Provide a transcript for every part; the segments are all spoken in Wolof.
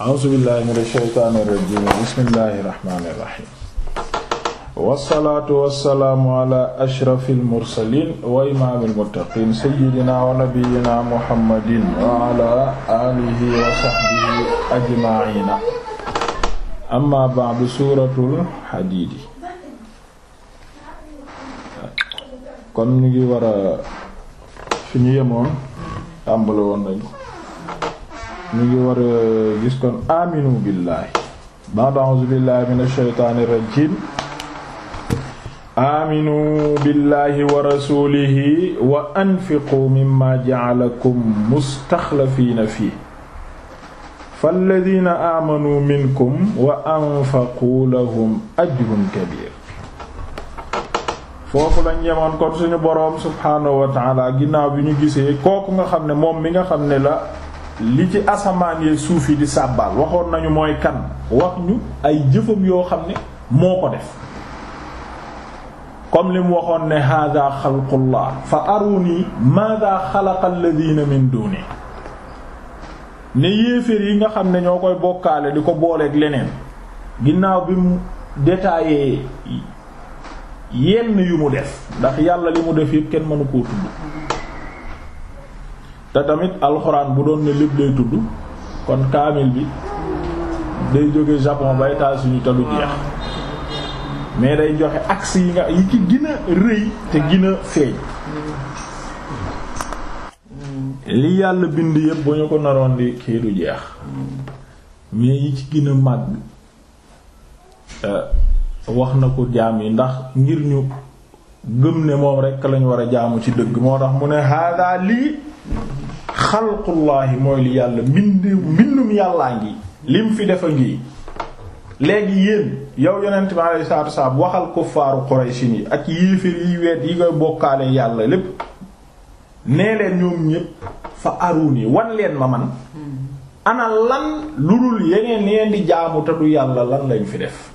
a'uuzu billaahi mina shaytaani rajiim bismillaahi rahmaani rahiim wassalaatu wassalaamu ala ashrafil mursaliin wa imaamil muttaqiin sayyidinaa wa nabiyyinaa muhammadin wa ala aalihi wa sahbihi ajma'iin amma ba'du suuratul hadiid kon ñu ngi war a fi ñu yemoon tàmbali woon nañu ñu ngi war a gis kon aminu billahi ba'da a'uuzu billahi minash shaytaanir rajiim aminu billahi wa rasulihi wa anfiqu mimma ja'alakum mustaxlafiina fiihi minkum wa anfaqu ajrun kabiir foofu lañ yemoon kon suñu boroom subhaanahu wa ta'aala ginnaaw bi ñu gisee kooku nga xam ne moom mi nga xam ne la li ci asamaan yeeg suuf yi di sàbbaal waxoon nañu mooy kan wax ñu ay jëfam yoo xam ne moo ko def comme li mu waxoon ne hada xalqullah fa aruni madha xalaqa alladhina min duni ne yéeféer yi nga xam ne ñoo koy bokkaale di ko booleek leneen ginnaaw bi mu détaillé yenn yu mu def ndax yàlla li mu def yëpp kenn mënu koo tudd te tamit alxuraan bu doon ne lépp day tudd kon kaamil bi day jóge Japon ba États-Unis te du jeex mais day joxe axe yi nga yi ci gën rëy te gën feeñ li yàlla bind yépp bu ñu ko naroon di kii du jeex mais yi ci gën màgg euh, wax na ko jaam yi ndax ngir ñu gëm ne moom rekk lañu war a jaamu ci dëgg moo tax mu ne hada lii xalqullaahi mooy li yàlla mbind mbindum yàllaa ngi lim fi defa ngi léegi yéen yow yonent bi alayhi waxal kuffaaru Quraysin yi ak yéefér yi weet yi koy bokkaale yàlla lépp nee leen ñoom ñépp fa aruni wan leen ma man hmm. ana lan lu dul yeneen yeneen di jaamu te du yàlla lan lañ fi def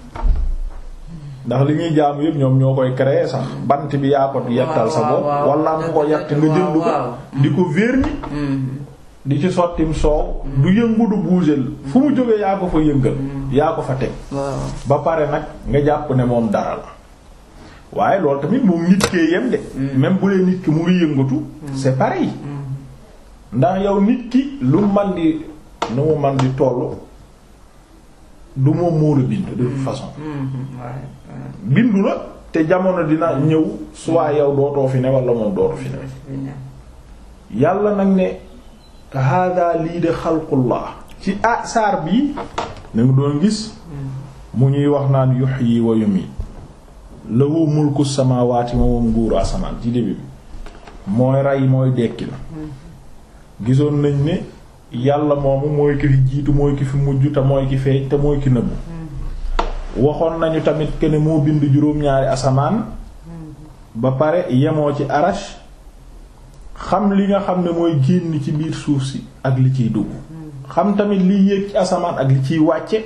ndax li ñuy jaamu yëpp ñoom ñoo koy créer sax bant bi yaa ko yettal sa bopp wala mu ko yett nga jënd ko di ko verni mm-hmm. di ci sottim soow mm-hmm. du yëngu du fu mu jógee yaa ko fa yëngal mm-hmm. yaa ko fa teg ba pare nag nga jàpp ne moom dara la waaye loolu tamit moom nit kee yem de même bu dee nit ki mu ngi yëngatu c'est pareil ndax yow nit ki lu man di nu mu man di tollu du moom moo bind de mm-hmm. façon mm-hmm. bindu la te jamono dina ñëw soit mm-hmm. yow dootoo fi ne wala moom dootoo fi ne yàlla nag ne hada lii de xalqullah ci asaar bi na nga doon gis mu ñuy wax naan yuhyi wa yumiit lahu mulku samawati ma moom nguuru asamaan ci début bi mooy rey mooy dekki la gisoon nañ ne yàlla moomu mooy ki fi jiitu mooy ki fi mujj te mooy ki feeñ te mooy ki nëbbu waxoon nañu tamit que ne moo bind juróom-ñaari asamaan ba pare yemoo ci arash xam li nga xam ne mooy génn ci biir suuf si ak li ciy dugg xam tamit liy yéeg ci asamaan ak li ciy wàcce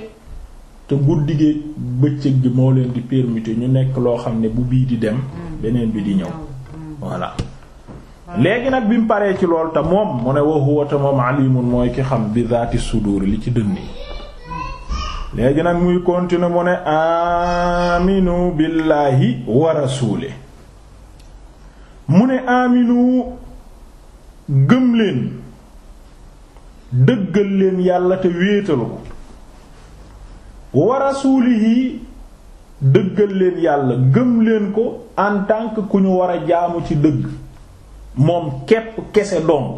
te guddi gi bëccëg bi moo leen di permettre ñu nekk loo xam ne bu bii di dem mm. beneen bi di ñëw mm. voilà léegi nag bi mu paree ci lool te moom mu ne wa te moom alimun mooy ki xam bi zaati sudur li ci dënn yi léegi nag muy continuer mu ne aminu billahi wa rasuli mu ne aminu gëm leen dëggal leen yàlla te wéetalu ko wa rasulihi dëggal leen yàlla gëm leen ko en tant ku ñu war a jaamu ci dëgg moom képp kese dong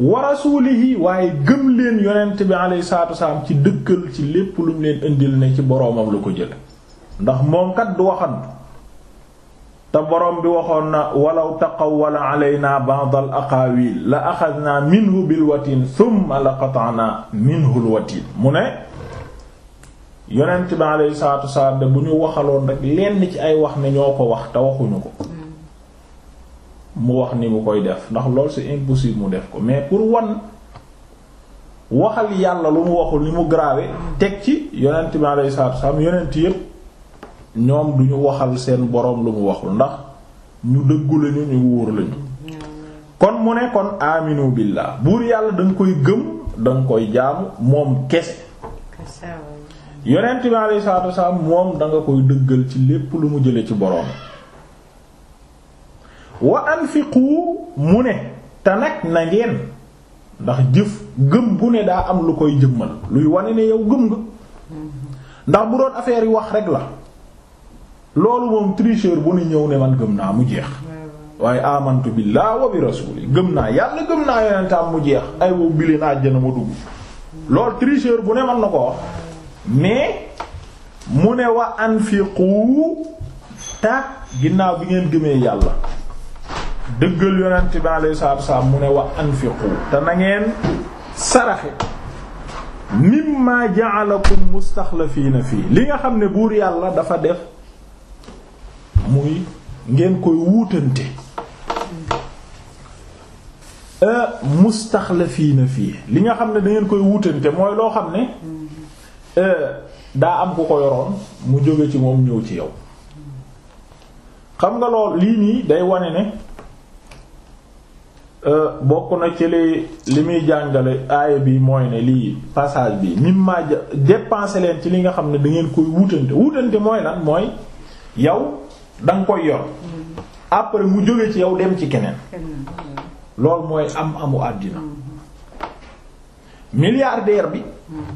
wa rasuulihi waaye gëm leen yonent bi alayhi salaatu wasalaam ci dëkkal ci lépp lu mu leen indil ne ci boroomam lu ko jële ndax moom kat du waxantu te boroom bi waxoon na walaw taqawwala alaynaa ba'd al aqaawiil la axadnaa minhu bil watiin thumma la qata'naa minhu al watiin mu ne yonent bi alayhi salaatu wasalaam de bu ñu waxaloon rek lenn ci ay wax ne ñoo ko wax te waxuñu ko mu wax ni mu koy def ndax loolu si impossible mu def ko mais pour wan waxal yàlla lu mu waxul ni mu grave teg ci yonent bi alayhi salaatu wasallam yonent yépp ñoom duñu waxal seen boroom lu mu waxul ndax ñu dëggu lañu ñu wóor lañu kon mu ne kon aminu billah buur yàlla danga koy gëm danga koy jaamu moom kese yonent bi alayhi salaatu wasallam moom danga koy dëggal ci lépp lu mu jële ci boroom wa anfiqu mu ne te na ngeen ndax jëf gëm bu ne daa am lu koy jëmmal luy wane ne yow gëm nga ndax bu doon affaire yi wax rek la loolu moom tricheur bu ne ñëw ne man gëm naa mu jeex waaye amantu billahi wa bi rasuli gëm naa yàlla gëm naa yonentam mu jeex ay wow bile naa àjjana ma dugg loolu tricheur bu ne man na ko wax mais mu ne wa anfiqu ta ginnaaw bi ngeen gëmee yàlla dëggal yonent bi alayhi salaatu salaam mu ne wa anfiqu te na ngeen saraxe mimma ja'alakum mustaxlafiina fii li nga xam ne buur yàlla dafa def muy ngeen koy wuutante euh, mustaxlafiina fii li nga xam ne dangeen koy wuutante mooy loo xam ne euh, daa am ku ko yoroon mu jóge ci moom ñëw ci yow xam nga lool lii nii day wane ne Euh, bokk na ci li li muy jàngale aayo bi mooy ne lii passage bi mimma dépenser leen ci li nga xam ne da ngeen koy wutante wutante mooy lan mooy yow da koy yor après mu jóge ci yow dem ci keneen loolu mooy am amu àddina mm-hmm. milliardaire bi mm-hmm.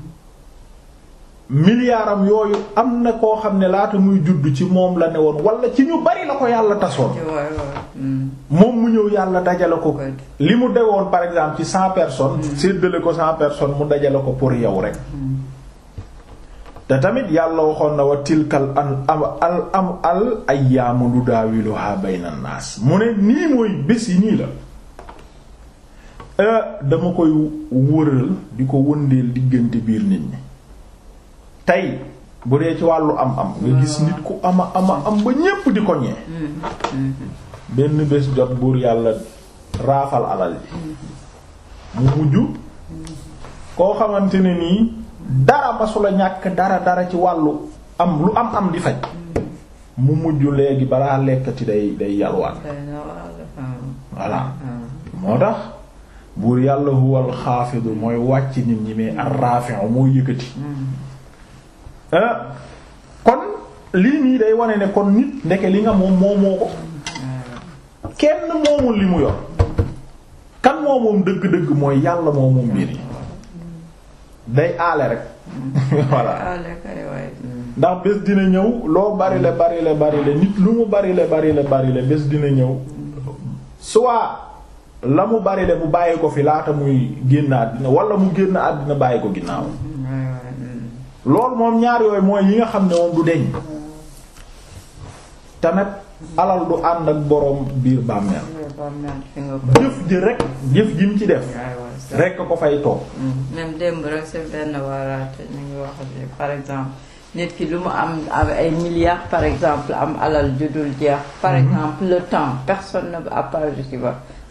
miliyaaram yooyu am na koo xam ne laata muy judd ci moom la ne woon wala ci ñu bari la ko yàlla tasoon hmm. moom mu ñëw yàlla dajale ko li mu dewoon par exemple ci cent personnes hmm. séddale ko cent personnes mu dajale ko pour yow rek hmm. te tamit yàlla waxoon na wa tilkal an am al am al ayyaamu nudaawiluhaa bayna naas mu ne nii mooy bés yi nii la eh, dama koy wëral di ko wëndeel diggante biir nit ñi tey bu dee ci wàllu am am nga gis ah. nit ku ama ama am ba ñépp di ko benn bés jot buur yàlla raafal alal ji mu mujj koo xamante ne nii dara masula ñàkk dara dara ci wàllu am lu am am di faj mu mujj léegi balaa lekkati day day yalwaan voilà ah. moo tax buur yàlla huwal xaafidu mooy wàcc nit ñi mais ar-rafi'u mooy yëkkati hmm. Euh, kon lii nii day wane ne kon nit ndeke li nga moom moomoo ko kenn moomul li mu yor kan moo dëgg-dëgg mooy yàlla moo moom mbir yi day aale rek voilà ndax bés dina ñëw loo bari la bari la bari la mu bari la bari la bari la bés dina ñëw soit la mu bari la bu bàyyi ko fi laata muy génn àddina wala mu génn àddina bàyyi ko ginnaaw loolu moom ñaari yooyu mooy yi nga xam ne moom du deñ te alal du ànd ak boroom biir bàmmeel jëf ji rek jëf ji mu ci def rek ko fay toog même démb rek c'est benn waraate ñu ngi wax par exemple nit ki lu mu am ay milliards par exemple am alal ju dul jeex par mhm. exemple le temps personne ne à part je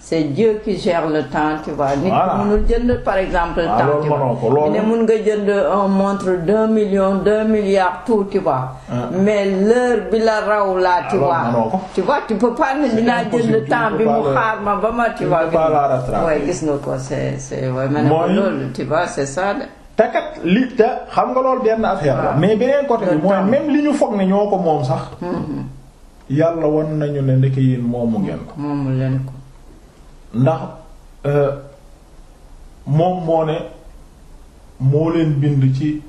c'est Dieu qui gère le temps tu vois. nit ñi jënd par exemple. temps tu vois ne mun nga jënd un montre deux million deux milliards tout tu vois. Ah. mais l'heure bi la raw laa tu vois. tu vois tu peux pas ne gis nga ko c'est c'est waaye ma loolu tu vois c'est ça de. te kat li xam nga loolu benn affaire la. mais beneen côté bi mooy même li ñu foog ne ñoo ko moom sax. Mm-hmm. yàlla wan nañu ne ndeke yéen moomu ngeen ko. moomu leen ndax euh, moom moo ne moo leen bind ci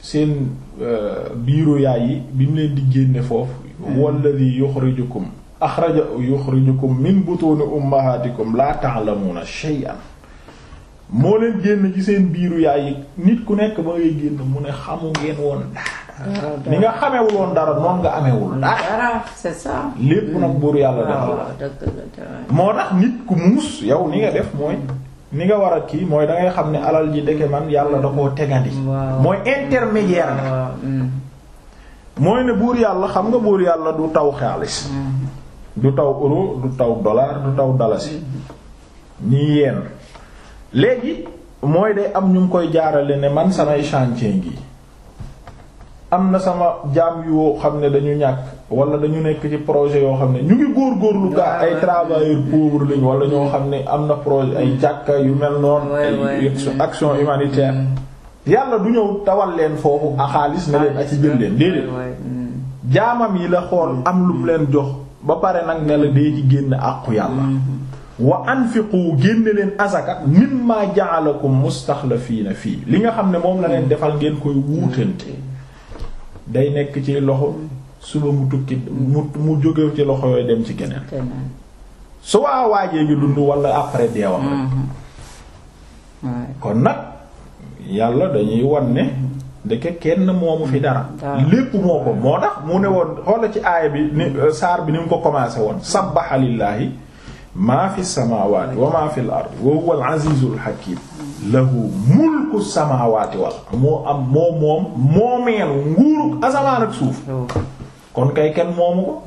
seen euh, biiru yaay yi bi mu leen di génne foofu hmm. walladi yuxrijukum axraja yuxrijukum min butuuni ummahaatikum laa ta'lamuuna shay'an moo leen génn ci seen biiru yaay yi nit ku nekk ba ngay génn mu ne xamu ngeen woon dara ni nga xamewul woon dara noonu nga amewul dara c'est ça lépp nag buur yàlla defal oh, moo tax nit ku muus yow ni nga def mooy ni nga war a kii mooy dangay xam ne alal ji deke man yàlla da koo tegandi mooy intermédiaire nga mm. mooy ne buur yàlla xam nga buur yàlla du taw xaalis mm. du taw euro du taw dollar du taw dalasi mm-hmm. nii yeen léegi mooy day am ñu ngi koy jaarale ne man samay chantier ngi am na sama jaam yoo xam ne dañu ñàkk wala dañu nekk ci projet yoo xam ne ñu ngi góorgóorlu gaa ay travailleurs pauvres lañ wala ñoo xam ne am na projet ay jàkka yu mel noonu ay action humanitaire mm. yàlla du ñëw tawal leen foofu a xaalis na leen a ci jël leen déedéet mm. jaamam yi la xool mm. am lu mu leen jox ba pare nag ne la dee ci génn àqu yàlla mm-hmm. wa anfiqu génne leen asaka mimma ja'alakum la fii fii li nga xam ne moom la leen defal ngeen koy wuutante day nekk ci loxo suba mu tukki mu mu jógew ci loxo yooyu dem ci keneen su waa waajee ngi dund après deewam rek mm-hmm. kon nag yàlla dañuy wan ne ndeke kenn moomu fi dara lépp moo ko moo tax mu ne woon xoola ci aaya bi ni saar bi ni mu ko commencé woon sabbaha lillahi maa fi samaawaati wa maa fi al-ardi wa huwa al-aziizul hakiim lahu mulku samaawaati wal moo am moom moom moomeelu nguurug asamaan ak suuf kon kay kenn moomu ko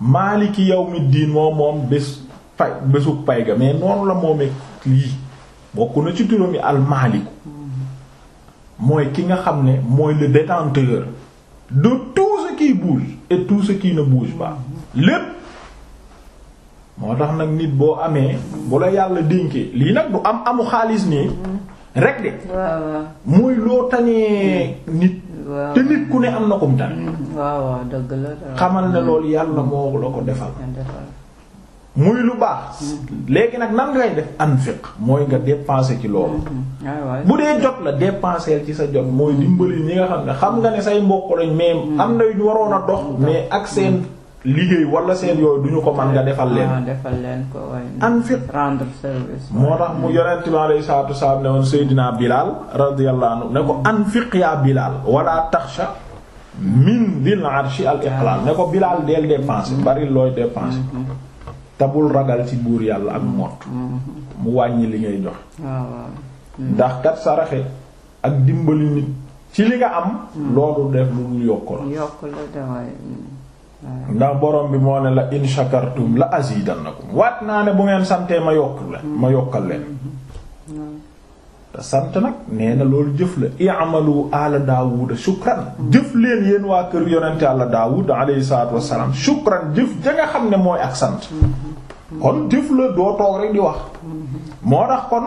maaliki yawmiddiin moom moom bés pay bésu pay ga mais noonu la moomeek lii bokk na ci turam yi almaaliku mooy ki nga xam ne mooy le détenteur de tout ce qui bouge et tout ce qui ne lépp moo tax nag nit boo amee bu la yàlla dénkee lii nag du am amu xaalis nii rek de mooy loo tanee nit te nit ku ne am na ko mu tane mm, waaw waaw dëgg la xamal ne loolu yàlla moo la ko defal muy lu baax mm. léegi nag nan ngay def anfiq mooy nga dépenser ci loolu mm-hmm. bu dee jot la dépenser ci sa jot mooy dimbali ñi nga xam ne xam nga ne say mbokk lañ mais mm. am na yu waroon a dox mais ak seen liggéey wala seen yooyu duñu ko man nga defal leen ah, defal leen ko anfiq rendre service moo tax mu yonent bi alayhi salaatu wasalaam ne woon Seydina Bilal radiyallahu anhu ne ko anfiq yaa Bilal wala taxsha min dil arshi al iqlal ne ko Bilal deel dépenser bari looy dépenser mm-hmm. te bul ragal ci buur yàlla ak mott mm-hmm. mu wàññi li ngay jox ah, mm-hmm. ndax kat saraxe ak dimbali nit ci li nga am mm. loolu def lu dul yokku ndax borom bi moo ne la in shakartum la azidannakum waat naa ne bu ngeen santee ma yokk leen ma yokkal leen te sant nag nee na loolu jëf la amalu ala daawuda shukran jëf leen yéen waa kër yonente àlla daawud alayhi salatu wassalam shukran jëf ja nga xam ne mooy ak sant kon jëf la doo toog rek di wax moo tax kon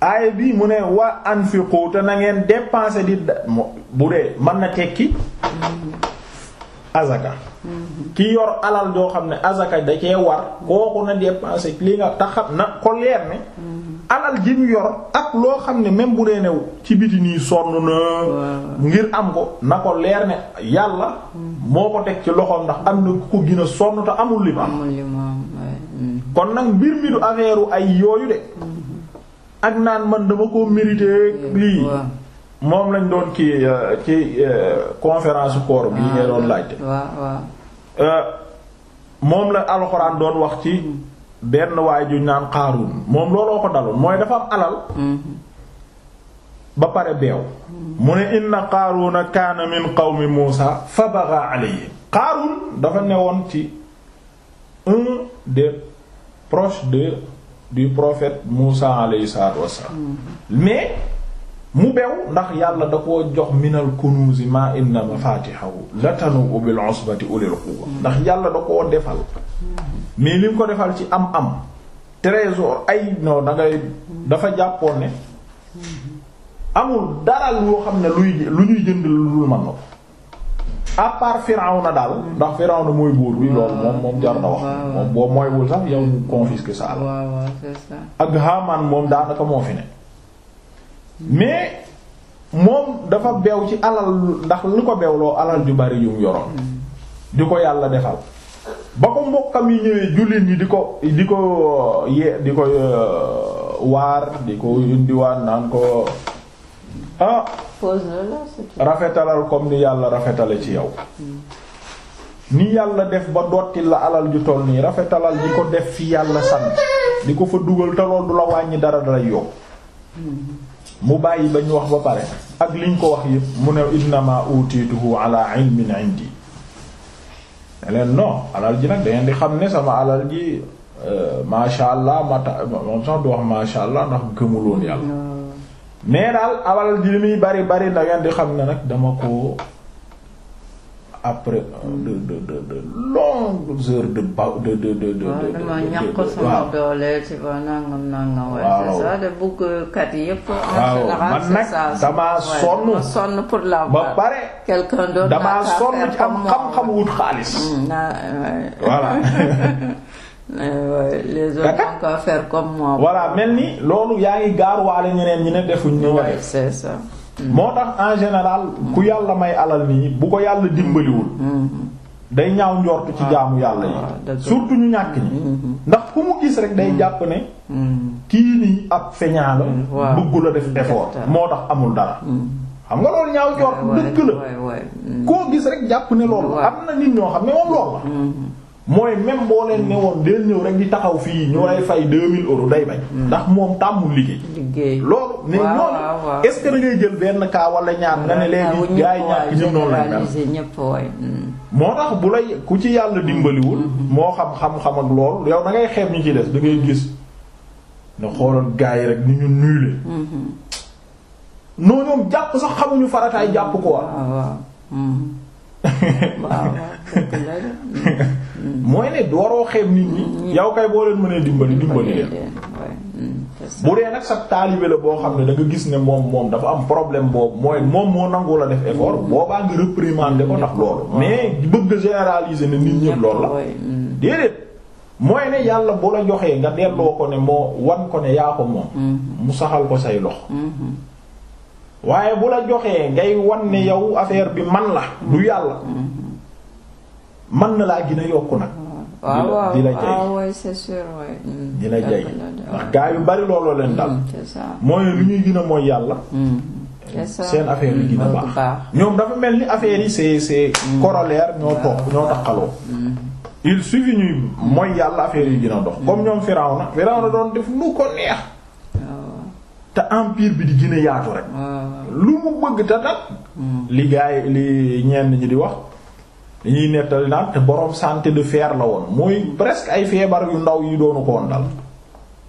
aaya bi mu ne waa anfiqu te na ngeen dépenser di bu dee mën na tekki azaka ki yor alal joo xam ne azaka da cee war kooku na dépenser li nga tax na ko leer ne alal ji mu yor ak loo xam ne même bu dee new ci biti nii sonn na ngir am ko na ko leer ne yàlla moo ko teg ci loxoom ndax am na ko gën a sonn te amul li hmm. kon nag mbir mi du affaire ay yooyu de ak naan man dama ko mérité lii moom lañ doon kii ci euh, euh, conférence koor bi ngay ah, doon laajte euh, moom la alxuraan doon wax ci hmm. benn waay ju naan Qaaruun moom looloo ko daloon mooy dafa am alal hmm. ba pare beew hmm. mu ne inna Qaaruuna kaana min qawmi Muusaa fa bagha alayhim dafa newoon ci un des proches de du prophète Muusaa alayhi salaatu wassalaam mais mu bew ndax yàlla da koo jox minal na ma inna mafatihahu latanu bil usbati ulil quwwa ndax yàlla da koo defal mais li ko defal ci am am trésor ay non da dafa jàppoon ne amul dara loo xam ne luy lu ñuy jënd lu mën na ko à part daal ndax na mooy buur bi loolu moom moom jar na wax moom boo mooywul sax yow confisque sa àll ak Haamaan moom daanaka moo fi ne mais moom dafa beew ci alal ndax lu ko beewloo alal ju bari yum yoroon mm. di ko yàlla defal ba ko mbokkam yi ñëwee jullit ñi di ko di ko uh, ye di ko uh, waar di ko indiwaan naan ko ah rafetalal comme ni yàlla rafetale ci yow mm. ni yàlla def ba dotti la alal ju toll nii rafetalal di ko def fi yàlla sant di ko fa dugal te lool du la wàññi dara dara yow mu bàyyi ba ñu wax ba pare ak liñ ko wax yëpp mu ne innama utiituhu ala ilmin indi ne leen non alal ji nag dangeen di xam ne sama alal ji euh, masha allah mata moom sax du wax masha allah ndax gëmuloon yàlla mais hmm. daal alal ji li muy bari bari da di xam ne nag dama ko après euh, de de de de longues heures de ba de de de de. waaw dama ñàkk sama doole ci ba nangam nangam. yëpp. man nag damaa sonn ma sonn pour la. ba pare damaa sonn xam-xam wut xaalis. Mm, voilà. mel ni loolu yaa ngi gaar waale ñeneen ñi ne defuñ. ñu c'est ça. moo tax en général ku yàlla may alal nii bu ko yàlla dimbaliwul day ñaaw njortu ci ah. jaamu yàlla yi ah, surtout ñu ñàkk ñi mm-hmm. ndax ku mu gis rek day mm-hmm. jàpp ne mm-hmm. kii nii ab feñaa la bëggu la def effort moo tax amul dara xam nga loolu ñaaw njortu dëkk la koo gis rek jàpp ne loolu am na nit ñoo xam ne moom loolu la mooy même boo leen ne woon deel ñëw rek di taxaw fii ñoo lay mm. fay 2000 euros day bañ. Mm. ndax moom tàmmul liggéey. loolu ne ñooñu est-ce ngay jël benn cas wala ñaar nga ne léegi gaa yi ñàkk ñëpp noonu lañ mel. Mm. moo tax bu lay ku ci yàlla dimbaliwul. Mm-hmm. Mm-hmm. moo xam xam-xam ak loolu yow da ngay xeeb ñu ci des da gis ne xooloon gaa yi ni ñu nuyu la. Mm-hmm. non ñoom jàpp sax xamuñu farataay jàpp ko waaw. mooy ne dooroo xeeb nit ñi. yow kay boo leen mënee dimbali dimbali leen. bu dee nag sax taalibe la boo xam ne danga gis ne moom moom dafa am problème boobu mooy moom moo nangu la def effort mm. boobaa ngi réprimander ko ndax loolu. mais bëgg généraliser ne nit ñëpp loolu la. Mm. déedéet mooy ne yàlla bu la joxee nga delloo ko ne moo wan ko ne yaa ko moom. Mm-hmm. mu saxal ko say lox. Mm-hmm. waaye bu la joxee ngay wan ne yow affaire bi man la du yàlla. Mm-hmm. man na laa gën yokk nag. di la jay mm, di la jay ndax gaa yu bari looloo leen dal. Mm, mooy lu ñuy gën mooy yàlla. Mm, eh, seen affaire yi gën baax. ñoom dafa mel ni affaire yi c'est c'est corollaire ñoo topp ñoo taqaloo. il suffit ñuy mooy yàlla affaire yi gën a dox. comme ñoom Firawna Firawna doon def lu ko neex. te empire bi di gën yaatu rek. lu mu bëgg te nag. li gaa yi li ñenn ñi di wax. dañuy nettali naan te boroom santé de fer la woon mooy presque ay feebar yu ndaw yi doonu ko dal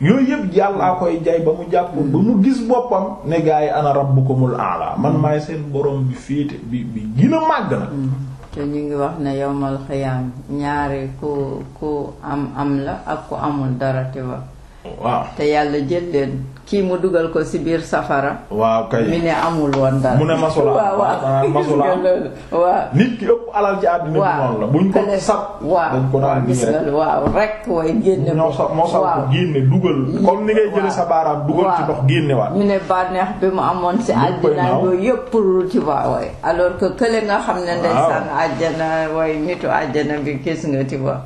yooyu yëpp yàllaa koy jay ba mu jàpp bu mu gis boppam ne gaa yi ana rabbukumul a'la man maay seen boroom bi féete bi bi gën a màgg nag mm. te ñu ngi wax ne yawmal xiyaam ñaari ku ku am am la ak ku amul dara te ba te yàlla jël leen kii mu dugal ko si biir safara. waaw kay mi ne amul woon dara. mu ne masula waaw nit ki ëpp alal ci àddina bi noonu la. buñ ko sab dañ ko daan gis rek waaw rek way génne. moo sa moo sa génne dugal. comme ni ngay jëlee sa baaraam dugal ci ndox génne mu ne bànneex bi mu amoon si àddina yooyu yëpp pour ci waaw alors que kële nga xam ne. waaw ndeysaan àjjana way nitu àjjana bi gis nga ci waaw.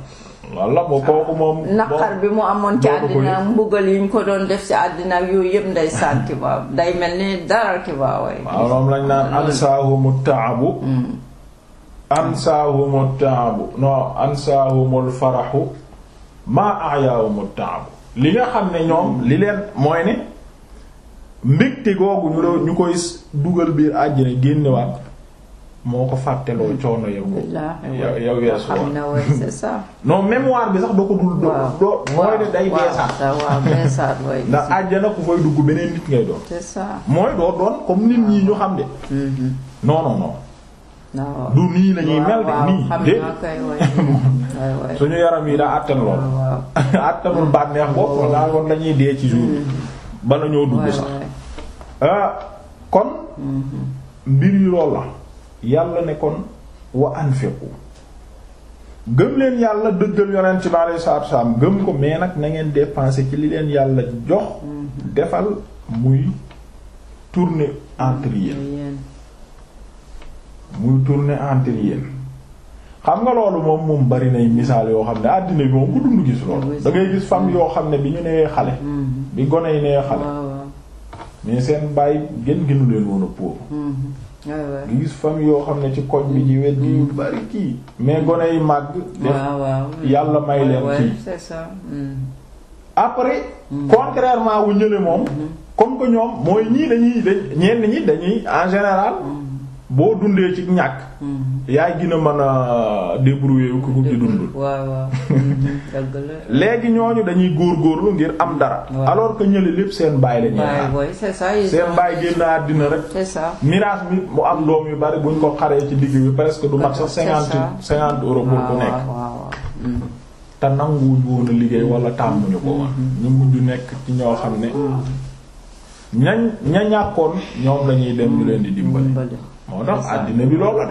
walla mu kooku moom naqar bi mu amoon ci àddina yi ñu ko doon def ci àddina ak yooyu yëpp nday sànki baaw day mel ni dara ki baaway waaw moom lañ naan ansaahumu taabu mm. ansaahumu taabu non ansaahumul faraxu maa aayaahumu taabu li nga xam ne ñoom li leen mooy ne mbégte googu ñu doon ñu koy dugal biir àjjana génnewaat moo ko fàtteloo mm. coono yow. yow yow weesu non mémoire bi sax doo ko dul. waaw doo mooy ne day. beesaat ndax àjjana ku fay dugg beneen nit ngay doon. mooy doo doon comme nit ñi ñu xam de. Mm-hmm. non non du nii lañuy mel de nii de suñu yaram yi daa àttan lool àttanul bànneex bopp walla kon lañuy dee ci jour ba nañoo lool la yàlla ne kon wa anfiqu gëm leen yàlla dëggal yonent bi alayhi salaatu wa gëm ko mais nag nangeen ngeen dépenser ci li leen yàlla jox mhm. defal muy tourner entre yéen muy tourner entre xam nga loolu moom moom bari nay misaal yoo xam ne àddina bi moom ku dund gis loolu da ngay gis fam yoo xam ne bi ñu newee xale mhm. bi gone yi xale mais seen bàyyi gën gënu leen woon nga gis famille yoo xam ne ci koñ bi ci wet gi yu mm. bari kii mais gone yi màgg yàlla may leen kii c'est ça mm. après mm. contrairement wu ñële moom mm-hmm. comme que ñoom mooy ñii dañuy dañ ñi dañuy en général boo dundee ci ñàkk. Mhm. yaay gën a mën a débrouiller wu ko ci dund. waaw waaw mhm. léegi ñooñu dañuy góorgóorlu ngir am dara. alors que ñële lépp seen baay la ñuy xaar. seen baay génn àddina rek. c'est ça miraas mi mu am doom yu bari buñ ko xaree ci digg bi presque du mat sax cinquante cinquante euros pour ku nekk. te nanguwuñ woon a liggéey wala tàmmuñu ko woon. Mhm. ñu mujj nekk ci ñoo xam ne. ña ñàkkoon ñoom lañuy dem ñu leen di dimbali. moo tax àddina bi loolu la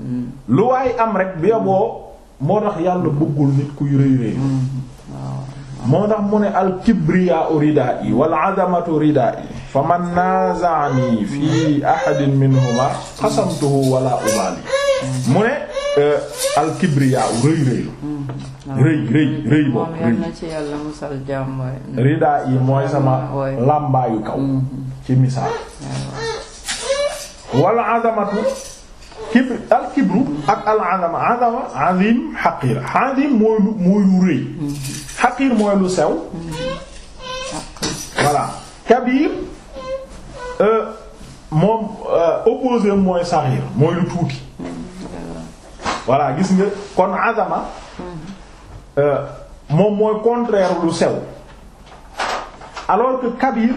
mm. lu waay am rek bi yoboo moo tax yàlla bëggul nit kuy rëy rëy mm. moo tax mu ne al kibriya ridaa yi wal azamatu ridaa yi fa man naaza'ani fi ahadin minhuma xasamtuhu wala mm. mu ne euh, al kibriya rëy rëy rëy boobu rëy mooy sama làmbaayu kaw ci misaal wal azamatu kibr al kibru ak al azama azama azim xaqiir azim mooy lu mooy lu rëy xaqiir mooy lu sew voilà kabir euh, moom euh, opposé mooy saxiir mooy lu tuuti voilà gis nga kon azama euh, moom mooy contraire lu sew alors que kabir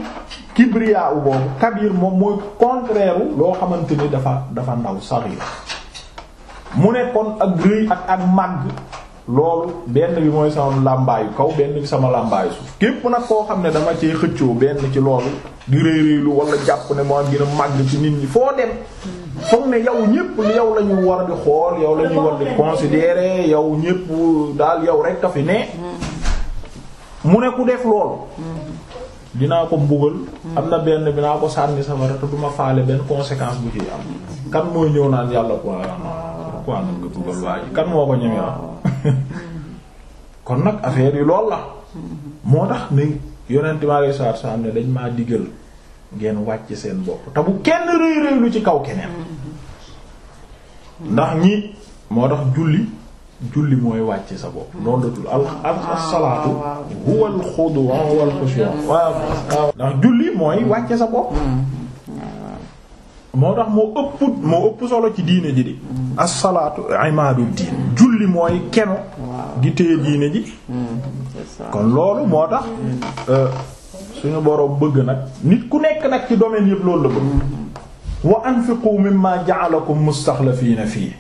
kibriyaa u boobu kabir moom mooy contraire loo xamante ni dafa dafa ndaw saxiir mu ne kon ak rëy ak ak màgg loolu benn bi mooy sama làmbaayu kaw benn bi sama làmbaayu suuf képp nag koo xam ne dama cee xëccoo benn ci loolu di rëy rëylu wala jàpp ne moo gën a màgg ci nit ñi foo dem foog ne yow ñépp yow la ñu war di xool yow la ñu war di considérer yow ñépp daal yow rek a fi ne mm. mu ne ku def loolu mm. dinaa ko mbugal am na benn bi naa ko sànni safara te duma faale benn conséquence bu ci am kan mooy ñëw naan yàlla quoi quoi nan nga dugal waaye kan moo ko ñëwee kon nag affaire yi lool la moo tax ni yonent maa ngi saa saa am ne dañ maa digal ngeen wàcc seen bopp te bu kenn rëy rëy lu ci kaw keneen ndax ñi moo tax julli julli mooy wàcce sa bopp noondatul al ah, as-salaatu huwa al-xudu huwa al-xushu waaw ndax julli mooy wàcce sa bopp hmm. moo tax moo ëpp moo ëpp solo ci diine ji di hmm. as-salaatu imaadu diin julli mooy keno gi téye diine ji hmm. kon loolu moo tax euh, suñu boroom bëgg nag nit ku nekk nag ci domaine yëpp loolu la bëgg wa anfiqu mimma ja'alakum mustaxlafiina fii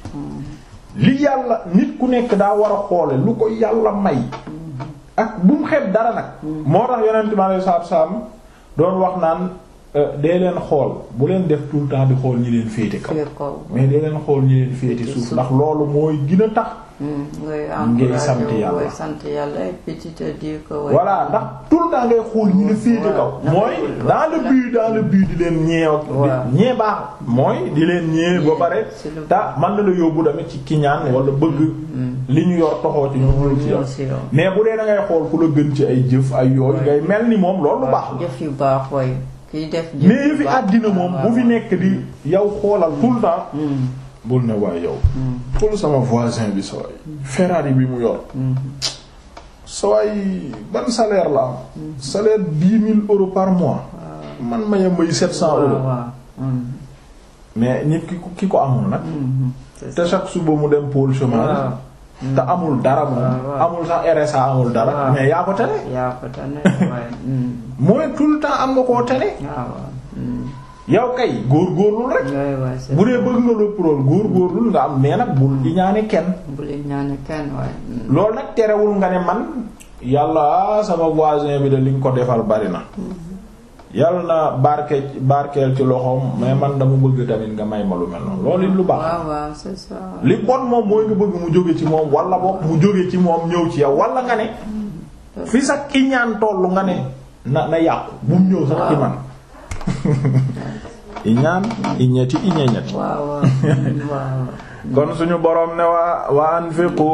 li yàlla nit ku nekk daa war a xoole lu ko yàlla may ak bu mu xeeb dara nag mm. moo tax yonent bi alayhi salaatu doon wax naan Euh, dee leen xool bu leen def tout le temps di xool ñi leen féete kaw mais dee leen xool ñi leen féete suuf ndax loolu mooy gën a tax mm, ngay sant yàlla sant yàlla voilà ndax tout le ngay xool ñi la féete kaw mooy dans le but dans le but di leen ñeew ak ñee baax mooy di leen ñee ba pare ta man na la yóbbu tamit ci kiñaan wala bëgg mm, mm. li ñu yor toxoo ci ñu ci yow mais bu dee da ngay xool ku la gën ci ay jëf ay yooyu ngay mel ni moom loolu baax jëf yu baax mais yëfi àddina moom bu fi nekk di yow xoolal tout le temps hmm. bul ne waaye yow hmm. xool sama voisin bi sawaay hmm. Ferrari bi mu yor sawaay ban salaire la am salaire dix mille euros par mois ah. man ma may sept cent euros ah, mais nit ki ki ko amul nag te chaque suba mu dem pôle chômage ah. te amul dara moom amul sax RSA amul dara mais yaa ko tane yaa mooy tout le temps am nga koo tane. Ah, hmm. yow kay góorgóorlu rek. bu dee bëgg nga lu purool nga am mais nag bul di ñaane kenn. bul hmm. loolu nag terewul nga ne man yàlla sama voisin bi de liñ ko defal bari na. Hmm. yàlla na barke barkeel ci loxoom mais man dama bëgg tamit nga may ma lu mel noonu loolu it lu baax. waaw waaw li bon moom mooy nga bëgg mu jóge ci moom wala boog mu jóge ci moom ñëw ci yow wala nga ne. fi sa kiñaan tollu nga ne. na na yàqu mu ñëw sax ci man iñaan iñati iñañati kon suñu borom ne waa wa anfiqu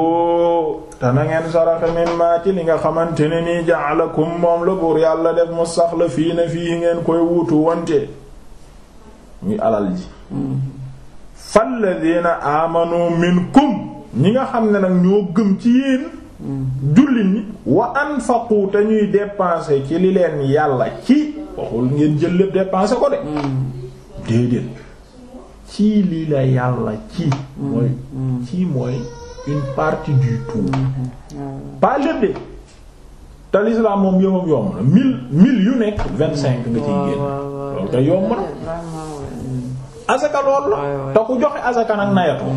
te na ngeen saraxe ci li nga xamante ne nii ja'alakum moom la buur yàlla def mustaxlafiina fii ngeen koy wuutu wante muy alal ji mm-hmm. falladiina amanu minkum ñi nga xam ne nag ñoo gëm ci yeen jullit ñi wa anfaqu te ñuy dépenser ci li leen yàlla ci waxul ngeen jël lépp dépenser ko de déedéet ci li la yàlla ci mooy ci mooy une partie du tout pas lépp de te moom yomam yomb na mille mille yu nekk vingt cinq nga ciy génn loolu te yomb na asaka loolu la te ku joxe asaka nag nayatoo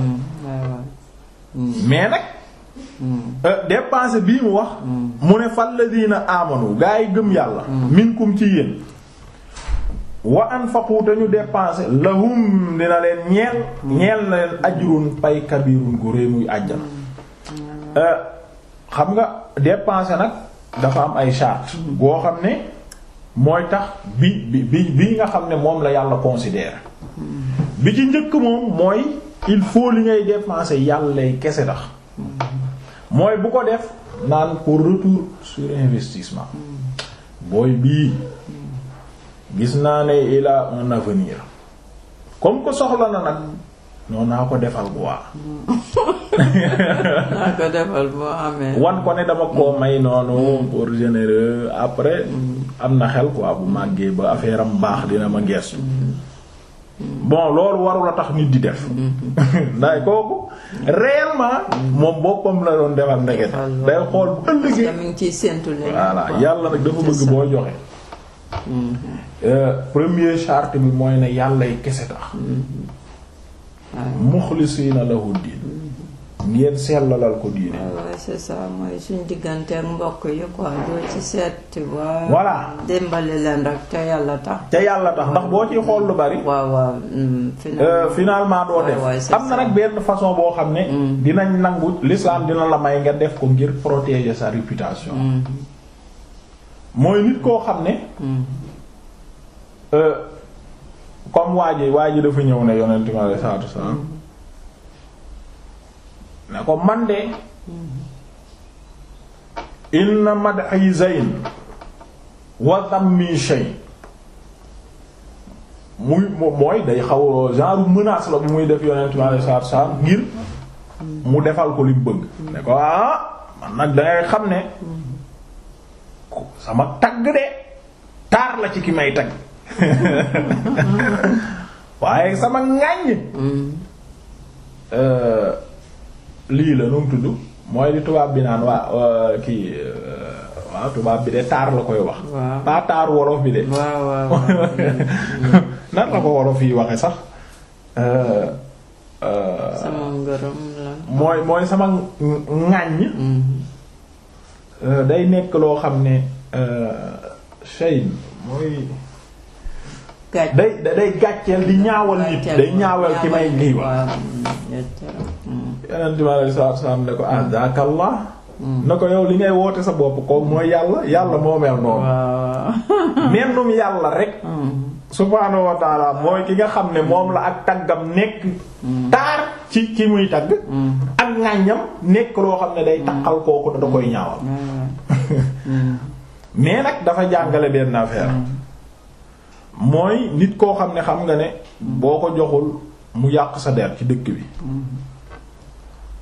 mm. mais nag Euh, dépense bii mu wax mu ne fal ladina amanu gaa yi gëm yàlla minkum ci yéen wa anfaqu te ñu dépensé lahum dina leen ñeel ñeel na leen ajrun pay kabirun gu réy muy àjjana euh, xam nga dépensé nag dafa am ay charte boo xam ne mooy tax bi bi bi bi nga xam ne moom la yàlla considère bi ci njëkk moom mooy il faut li ngay dépensé yàllay kese tax mooy bu ko def naan pour retour sur investissement booy bii gis naa ne il a un avenir comme que soxla na nag noonu naa ko defal bu waa naa ko defal boo amee wan ko ne dama koo may noonu pour généreux après mm. am na xel quoi bu màggee ba affaire am baax dina ma geestu mm. bon loolu warul a tax nit di def mm-hmm. ndaay kooku réellement moom boppam la doon defal ndeket day xool bu ëllëgee voilà yàlla nag dafa bëgg boo joxe mm-hmm. euh, premier charte bi mooy ne yàllay kese tax mm-hmm. muxlisiina lahu diin ngeen sellalal ko diine. voilà ah c'est mooy suñu diggante mbokk yi quoi doo ci seet. tu vois voilà leen rek te yàlla tax. te yàlla tax ndax boo ciy xool lu bari. Mm, euh, finalement. doo def am na nag benn façon boo xam ne. Mm. dinañ nangu l'islam dina la may nga def ko ngir protéger sa réputation. Mm. mooy nit koo xam ne. Euh, comme waa ji waa ji dafa ñëw ne yonent mi alayhi salaatu ne ko man de inna mad'i zayn wa dammi shay muy mooy day xaw genre menace la bu muy def yonent mi alayhi salaatu salaam ngir mu defal ko li bëgg ne ko ah man nag dangay xam ne sama tagg de taar la ci ki may tagg waaye sama ŋàññ mm-hmm. euh, lii la nu mu tudd mooy li tubaab bi naan waa kii euh, tubaab bi de taar la koy wax. pas taar wolof bi de. waaw waaw nan la ko wolof yi waxe sax. Euh, euh, sama ngërëm mooy mooy sama ŋaññ. Mm-hmm. day nekk loo xam ne. shayn mooy. gàcce day day gàcceel di ñaawal nit. day ñaawal ki may lii wax. yonent bi alayhi salaatu ne ko ahdakallah mm. na ko yow li ngay woote sa bopp ko mooy yàlla yàlla moo mel noonu mennum yàlla rek mm. subhaanahu wa taala mooy ki nga xam ne moom la ak taggam nekk mm. taar ci ki muy tagg ak ŋàññam nekk loo xam ne day taqal kooku da koy ñaawal mais nag dafa jàngale benn affaire mooy nit koo xam ne xam nga ne boo ko joxul mu yàq sa der ci dëkk bi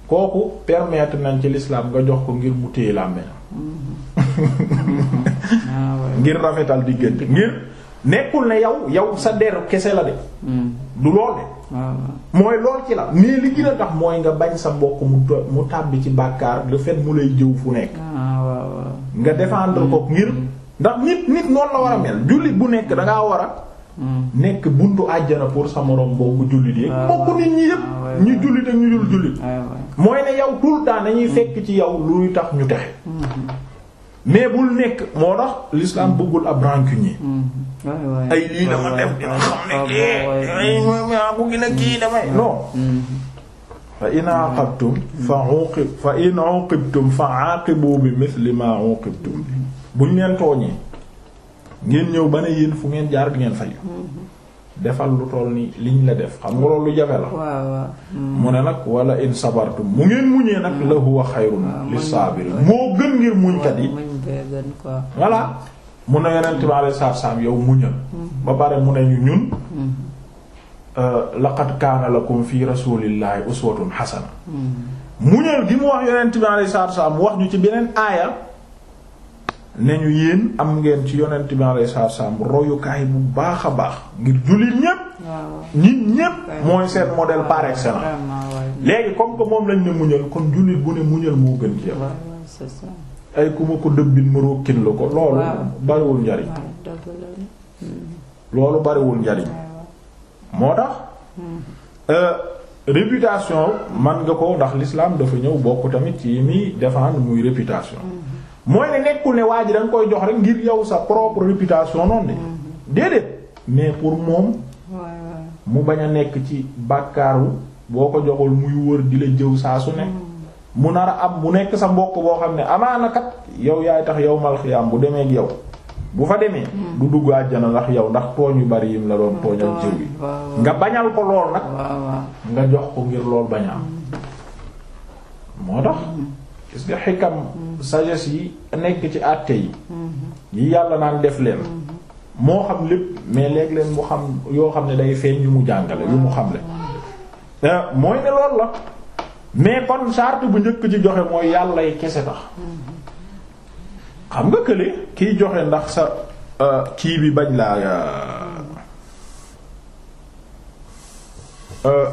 kooku permettre nañ ci lislaam nga jox ko ngir mu téye làmmeñam mm-hmm. ngir rafetal diggante mm-hmm. ngir nekkul ne yow yow sa der kese la de mm-hmm. du lool de mooy lool ci la mais li gën a tax mooy nga bañ sa mbokk mu mu tàbbi ci bàkkaar le fait mu lay jëw fu nekk ah, nga défendre ko ngir ndax nit nit noonu la war a mel jullit bu nekk dangaa war Mm. nekk buntu àjjana pour sa morom mbokku jullit yi. mbokku ah, nit ñi yëpp ah, ñu jullit ak ñu dul jullit. Ah, mooy ne yow tout le temps mm. fekk ci yow luy tax ñu texe. Mm-hmm. mais bul nekk moo tax l'islam mm. bëggul ab rancunier mm-hmm. ay lii dama def dina xam ne kii bu mm-hmm. fa in aqabtum fa fa in uqibtum fa aqibu bi mithli ma uqibtum buñ leen tooñee ngeen ñëw ba ne yéen fu ngeen jaar bi ngeen fayu defal lu toll nii liñ la def xam nga loolu jafe la hmm. mu ne nag wala in sabartum mu ngeen muñee nag hmm. la huwa xayrun ah, li saabiri moo gën ngir muñkat yi voilà mu ne yonent bi alayhi salaatu salaam yow muñal hmm. ba pare mu ne ñu ñun euh, laqad kaana lakum fi rasulillahi uswatun hasana muñal gi mu wax yonent bi alayhi salaatu wax ñu ci beneen aaya nee ñu yéen am ngeen ci yonent bi alayhi salaatu royukaay bu baax a baax ngir jullit ñépp nit ñépp mooy seen modèle par excellence léegi comme que moom lañ ne muñal kon jullit bu ne muñal moo gën ci ay ku ma ko dëbbin ma rokkin la ko loolu bariwul njariñ hmm. loolu bariwul njariñ moo tax hmm. euh, réputation man nga ko ndax lislaam dafa ñëw bokk tamit ci ni défendre muy réputation hmm. mooy ne nekkul ne waa ji da koy jox rek ngir yow sa propre réputation noonu de déedéet mais pour moom mu bañ a nekk ci bàkkaaru boo ko joxul muy wër di la jëw saa su ne mu nar a am bu nekk sa mbokk boo xam ne amaana kat yow yaay tax yow mal xiyaam bu demee ak yow bu fa demee du dugg àjjana ndax yow ndax tooñ yu bari yim la doon tooñal jëw yi nga bañal ko lool nag nga jox ko ngir lool bañ moo tax gis nga xikam yi nekk ci àtte yi yi yàlla naan def leen moo xam lépp mais léegi leen mu xam yoo xam ne day feeñ yu mu jàngale yu mu xam le mooy ne loolu la mais kon charte bu njëkk ci joxe mooy yàllay kese tax xam nga kële kiy joxe ndax sa euh, kii bi bañ laa euh, euh,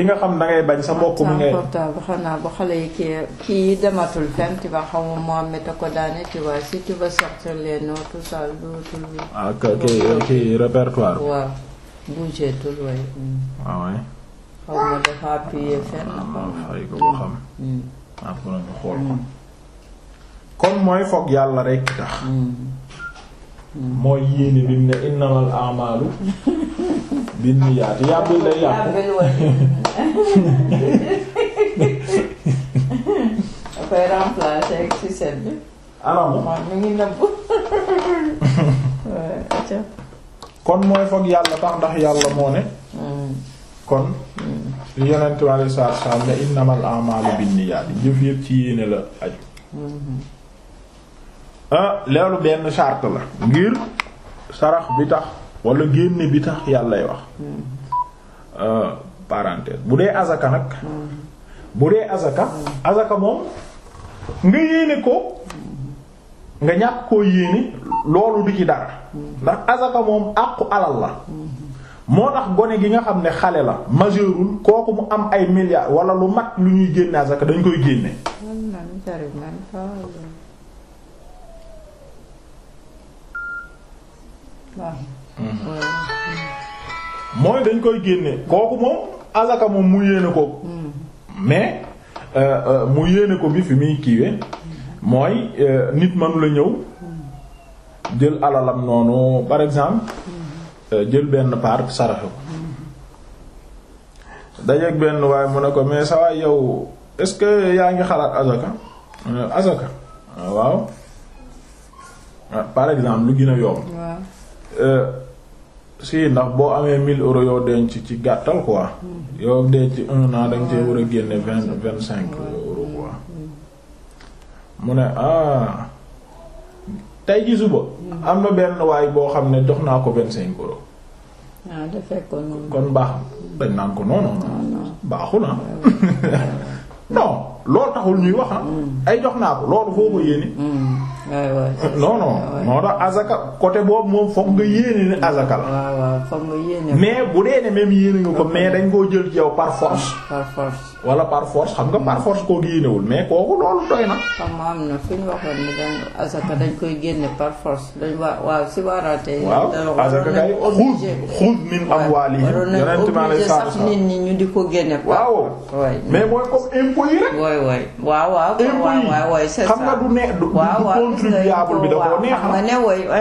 ki nga xam da ngay bañ sa mbokk mi ngay portable xanaa ba xale yi kii kii dematul fenn tu vas xam Mohamed a ko daane tu vois si tu vas sortir les noms tout ah, waaw bougé tout le dafa appuyé fenn. Ah, fay ko xam. Mm. Ah, nga xool mm. kon mooy foog yàlla rek tax. Mm. mooy yéene bi mu ne innamal a'malu binniyaati yàbbil day yàpp dafay remplacer ak sucette bi anam mu ngi nëbb kon mooy foog yàlla tax ndax yàlla moo ne hmm. kon li hmm. yonent bi sallallahu alayhi innamal a'malu binniyaati jëf yëpp ci yéene la aju hmm. Ah, leelu benn charte la ngir sarax bi tax wala génne bi tax yàllay wax ah, parenthèse bu dee asaka nag bu dee asaka azaka moom nga yéene ko nga ñàkk koo yéene loolu du ci dara ndax azaka moom àqu alal la moo tax gone gi nga xam ne xale la majeurul kooku mu am ay milliards wala lu mat lu ñuy génne azaka dañ koy génne mooy dañ koy génne kooku moom azaka moom mu yéene ko mais euh, euh, mu yéene ko bi fi muy kiiwe mooy euh, nit manu la ñëw jël alalam noonu par exemple jël benn part saraxe ko dajeeg benn waaye mu ne ko mais sa waay yow est-ce que yaa ngi xalaat azaka azaka waaw ah, par exemple lu gën a yomb Euh, si ndax boo amee 1000 euros yoo denc ci gàttal quoi yoo denc un an danga cee war a génne vingt vingt cinq euros ne ah tey na benn waay boo xam ne jox naa ko vingt cinq euros ah, kon baax dañ naan ko non baaxu na non loolu taxul ñuy wax ah. mm. ay jox naa ko loolu foo yéene mm. Euh, non non non da azaka côté boobu moom foog nga yéene ne azaka la mais bu dee ne même yéene nga ko mais dañ koo jël ci yow par force par force wala par force xam nga par mm. force kooku yéenewul mais kooku am waa waaw si waaraatee waaw sax nit ñi ñu di ko génne waaw mais mooy comme impôt yi rek waay waay waaw waaw waaw waay c'est ça xam nga du ne contribuable bi da koo neex na ah,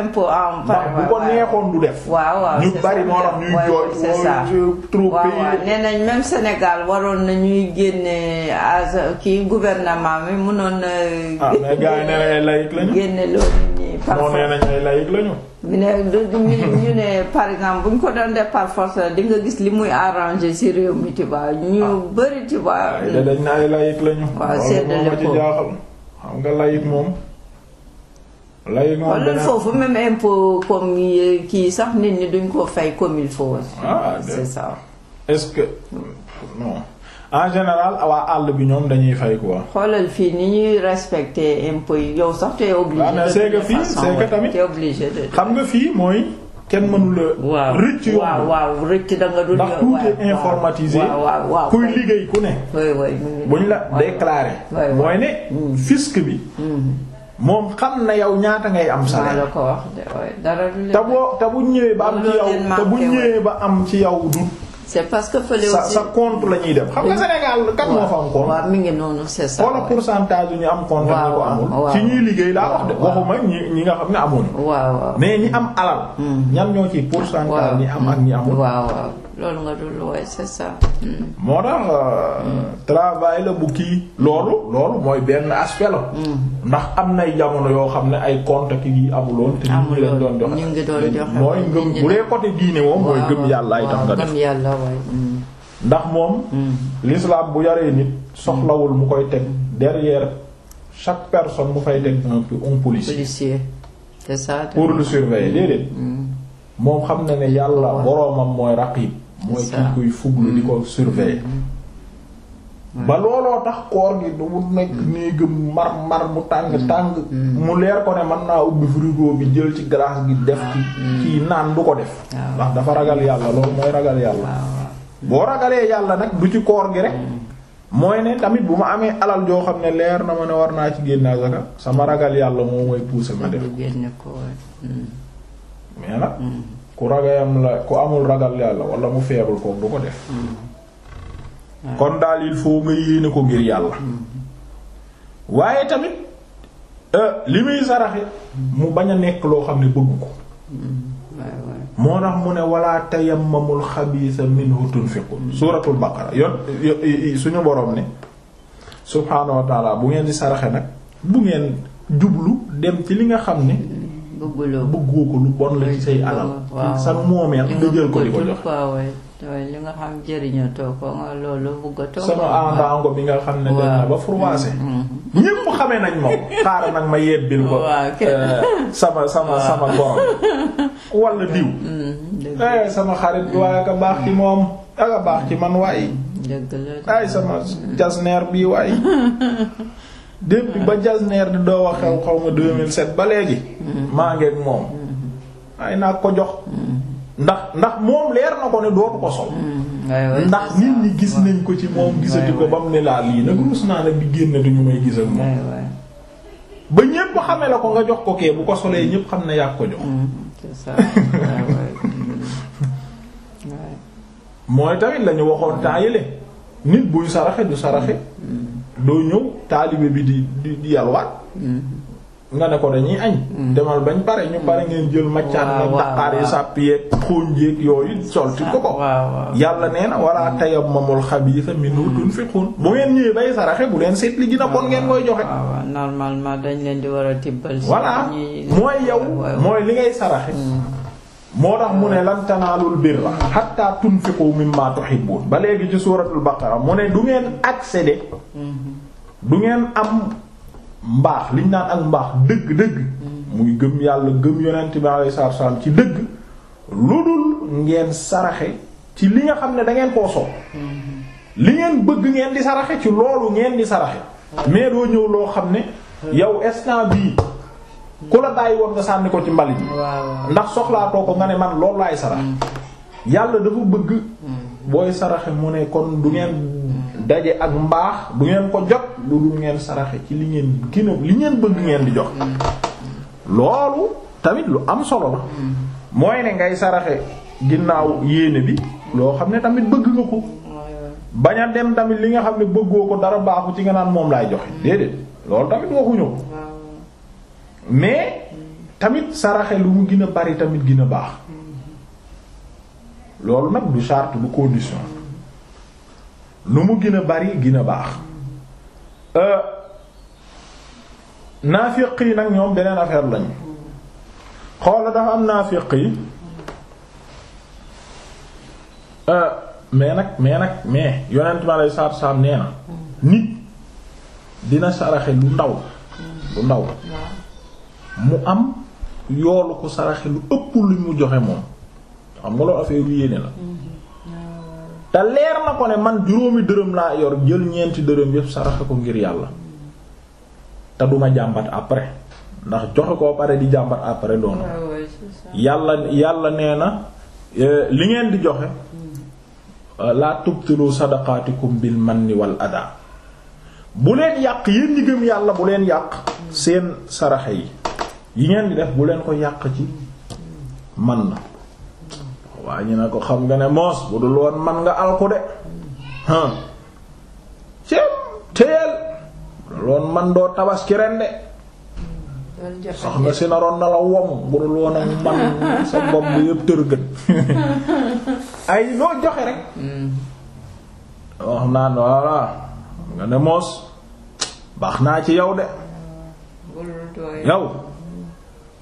ndax bu du def. waaw waaw ñu bari moo tax ñuy jooy. Euh, trop pays nee nañ même Sénégal waroon na ñuy génne as kii gouvernement bi munoon na. ah mais yi nee nañ ay laïc lañu. génne ne ñu ne par exemple buñ ko doon def par force di gis li muy arrangé ci réew mi Tuubaa ñu ah. bëri Tuubaa. nga laïc moom. lay moom beneen wala foofu même impôt comme kii sax nit ñi duñ ko fay comme il faut. ah c'est ça. est-ce que non en général waa àll bi ñoom dañuy fay quoi. fii ni ñuy respecter impôt yi yow sax t'es obligé. de c'est que fii de. xam nga fii mooy. kenn mënu la. waaw rëcc yow waaw waaw rëcc kuy liggéey ku ne. buñ la déclarer. mooy ne mm. fisc bi. Mm. moom xam na yow ñaata ngay am sa la boo te bu ñëwee ba am ci yow te am ci yow du c'est parce que sa compte la ñuy def xam nga Sénégal kan moo fa am compte. waaw mi ngi noonu ñu am compte. waaw ko amul ci ñuy liggéey laa wax de. waxuma ñi ñi nga xam ne amoon. waaw mais ñi am alal. Hmm. ñan ñoo ci pourcentage ñi am ak ñi amul. loolu nga dul moo tax travail la bu kii loolu loolu mooy benn aspect la. ndax am nay jamono yoo xam ne ay comptes yi amuloon. te ñu ngi doon joxe ñu ngi doon joxe mooy ngëm bu dee côté diine moom. mooy gëm yàlla ay tax nga def ndax moom. l'islam bu yaree nit soxlawul mu koy teg derrière chaque personne mu fay teg un un policier. c'est ça pour le surveiller déedéet. moom xam na ne yàlla boroomam mooy raqib mooy ki koy fuglu di ko surveiller mm-hmm. ba looloo tax koor gi du mu nekk mm-hmm. néegam mar mar bu tàng mm-hmm. tàng mu leer ko ne man naa ubbi frigo bi jël ci glace gi def ci naan du ko def ah, ndax dafa ragal yàlla loolu mooy ragal yàlla ah, boo ragalee yàlla nag du ci koor gi rek mooy ne tamit bu ma amee alal joo xam ne leer na ma ne war naa ci génn asaka sama ragal yàlla moo mooy pousser ma def mais nag ku ragayam la ku amul ragal yàlla wala mu feebul koog du ko def mm. kon daal il faut nga yéene ko ngir yàlla mm. waaye tamit euh, li muy saraxe mu bañ a nekk loo xam ne bëgg ko mm. moo tax mu ne wala tayammamul xabiisa minhu tunfiqun suuratul baqara yon suñu boroom ne subhaanahu wa bu ngeen di saraxe nag bu ngeen jublu dem ci li nga xam ne bëggoo ko lu bon la ci say alal sa moomeel nga jël ko di ko jox li nga xam jëriñatoo ko nga loolu bëggatoo sama àndaango bi nga xam ne dem na ba froissé mm-hmm, mm-hmm. ñépp xamee nañ ma ko xaaral nag ma yebbil ko euh, sama sama sama borom walla diw mm-hmm, eh, sama xarit bi waaye aka baax ci moom aka baax ci man waaye ay sama jasneer bi waaye bi ba jalneer di doo waxew xaw ma 2007 ba léegi. Mm-hmm. maa ngi moom. Mm-hmm. ay naa ko jox. Mm-hmm. ndax ndax moom leer na ko ne dootu ko sol. ndax nit ñi gis nañ ko ci moom gisati ko ba mu ne laa lii nag ruus naa nag di génn du ñu may gis ak moom. ba ñépp xamee la ko nga jox ko kee bu ko solee ñépp xam ne yaa ko jox. mooy tamit lañu ñu waxoon temps yële nit buy saraxe du saraxe. doo ñëw taalibe bi di di di yalwaat mm-hmm. nga ne ko dañuy añ mm-hmm. demal bañ pare ñu pare ngeen jël maccaan ne daqaar yi sàpp yeeg xóoñ yeeg yooyu solti ko ko yàlla nee na wala mm-hmm. tayammamul xabiisa minhu tunfiqun bu ngeen ñëwee bay saraxe bu leen seet li gën a bon ngeen koy joxe normalement dañ leen di war a tibbal voilà mooy yow mooy li ngay saraxe moo tax mu ne lan tanaalul birra hatta tunfiqu mimma tuhibbun ba léegi ci suuratul baqara mu ne du ngeen accéder du ngeen am mbaax liñ naan ak mbaax dëgg-dëgg muy gëm yàlla gëm yonent bi alayhi salaatu wasallam ci dëgg lu dul ngeen saraxe ci li nga xam ne da ngeen koo soog li ngeen bëgg ngeen di saraxe ci loolu ngeen di saraxe mais doo ñëw loo xam ne yow instant bii ku la bàyyi woon nga sànni ko ci mbali bi ndax soxlaatoo ko nga ne man loolu laay sarax mm. yàlla dafa bëgg mm. booy saraxe mu ne kon du ngeen mm. daje ak mbaax du ngeen ko jot lu dul ngeen saraxe ci li ngeen gina li ngeen bëgg ngeen di jox loolu tamit lu am solo la mooy ne ngay saraxe ginnaaw yéene bi loo xam ne tamit bëgg nga ko bañ a dem tamit li nga xam ne bëggoo ko dara baaxu ci nga naan moom laay joxe déedéet loolu tamit waxuñu ko mais tamit saraxe lu mu gën bari tamit gën a baax loolu nag du charte du condition lu mu gën a bari gën a baax euh, naafiq yi nag ñoom beneen affaire lañu xoola dafa am naafiq yi euh, mais nag mais nag mais yonent ma lay saar saam nee na nit dina saraxe lu ndaw lu ndaw mu am yoolu ko saraxe lu ëpp lu mu joxe moom xam nga loolu affaire yéene la te leer na ko ne man juróomi dërëm laa yor jël ñeenti dërëm yépp saraxe ko ngir yàlla te duma jàmbat après ndax joxe koo pare di jàmbat après doonu ah yàlla yàlla nee na eh, li ngeen di joxe hmm. laa tubtilu sadaqaatikum man ni wal adaa bu leen yàq yéen ñi yàlla bu leen yàq hmm. seen saraxe yi yi ngeen di def bu leen ko yàq ci man na waa ñu ne ko xam nga ne moos bu dul woon man nga alku de ah man doo tabaski ren de. sax nga si naroon na la wom bu dul woon ak man sa bopp bi yëpp tërgën ay loo joxe rek wax naan walla nga ne moos baax naa ci yow de yow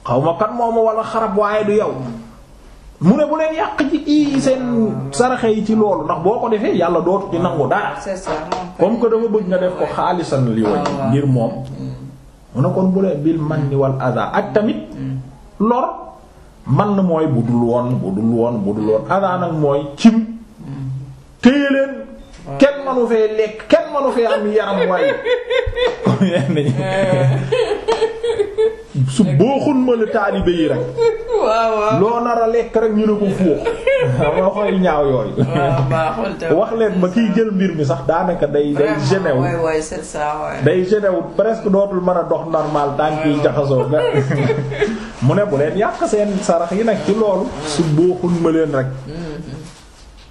xaw ma kan moomu walla xarab waaye du yow mu ne bu leen yàq ci seen saraxe yi ci loolu ndax boo ko defee yàlla dootu ci nangu dara comme que dafa bëgg nga def ko xaalisan li way ah, ngir moom mu ne kon bu leen bil man ni wal ada ak tamit lor man na mooy bu dul woon bu dul woon bu dul woon ada nag mooy cim téye leen kenn manu fee lekk kenn manu fee am yaram waaye su boo xun la taalibe yi rek. loo nar lekk rek ñu ne ko foofu. moo koy ñaaw yooyu. wax leen ma kiy jël mbir mi sax daanaka day. day génne wu day génne wu presque dootul mën a dox normal tànk jaxasoo mu ne bu leen yàq seen sarax yi nag ci loolu. su boo xun leen rek. Hmm.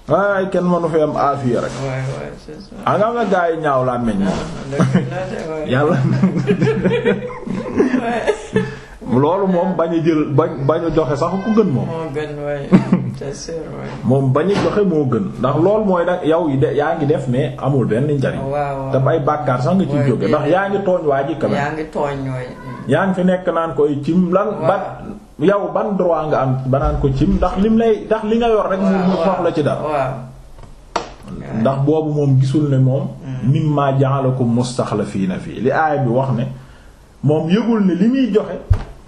waaye kenn mënu fi am aafiya rek. waay ah, nga gaa yi ñaaw laa meññ. Ah, yàlla. loolu moom bañ a jël bañ bañ a joxe sax ku gën moom. moo moom bañ a joxe moo gën ndax loolu mooy nag yow yi de yaa ngi def mais amul benn njariñ. waaw te ay bàkkaar sax nga ciy jóge ndax yaa ngi tooñ waa ji. yaa yaa ngi fi nekk naan koy cim lan. ba yow ban droit nga am banaan ko cim ndax lim lay ndax li nga yor rek mu la ci dara ndax boobu moom gisul ne moom mimma ja'alakum mustaxlafiina fii li aaya bi wax ne moom yëgul ne li muy joxe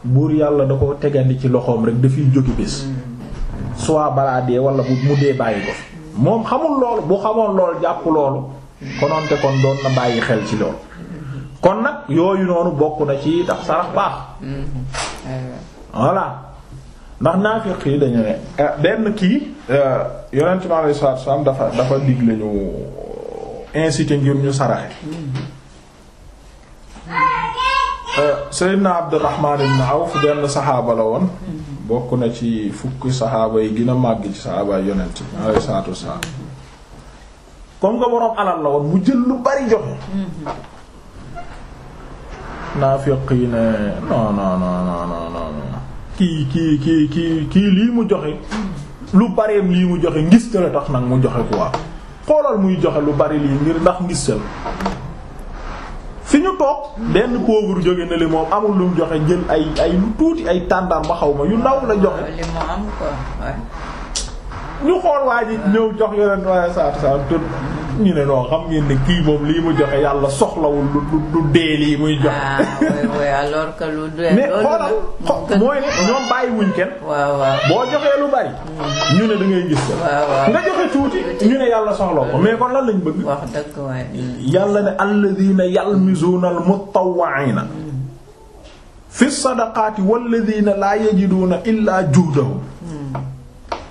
buur yàlla da ko tegandi ci loxoom rek dafiy jógi bés hmm. soit balaa dee wala bu mu dee bàyyi ko moom xamul loolu bu xamoon lool jàpp loolu konoonte kon doon na bàyyi xel ci lool hmm. kon nag yooyu noonu bokk na ci tax sarax baax hmm. voilà ndax naafiq yi dañu ne eh, benn kii eh, yonent bi alayhi salaatu salaam dafa dafa digle ñu eh, incité ngir ñu saraxe Seydina Abdurrahman ibn Awf benn saxaaba la woon bokk na ci fukki saxaaba yi gën màgg ci saxaaba yonent bi alayhi salaatu salaam comme nga boroom alal la woon mu jël lu bari joxe naafiq yi ne non non non non non kii kii kii kii kii lii mu joxe lu bareem lii mu joxe ngis la tax nag mu joxe quoi xoolal muy joxe lu bari lii ngir ndax ngis fi ñu toog lenn pauvre jóge na li moom amul lu joxe jël ay ay lu tuuti ay tàndam ba xaw ma yu ndaw la joxe ñu xool waa ji ñëw jox yeneen waaye saatu saatu ñu ne noo xam ngeen ne kii moom lii mu joxe yàlla soxlawul du du dee lii muy joxe. ah oui alors que lu kenn. boo joxee lu bari. Mm. ñu ne da ngay gis. waaw nga joxe tuuti ñu ne yàlla soxlaw ko mais kon lan lañ bëgg. wax dëgg waay. Mm. yàlla ne alladhiina yalmizuuna al-mutawwi'iina fi sadaqaati walladhiina laa yajiduuna illaa juhdahum mm.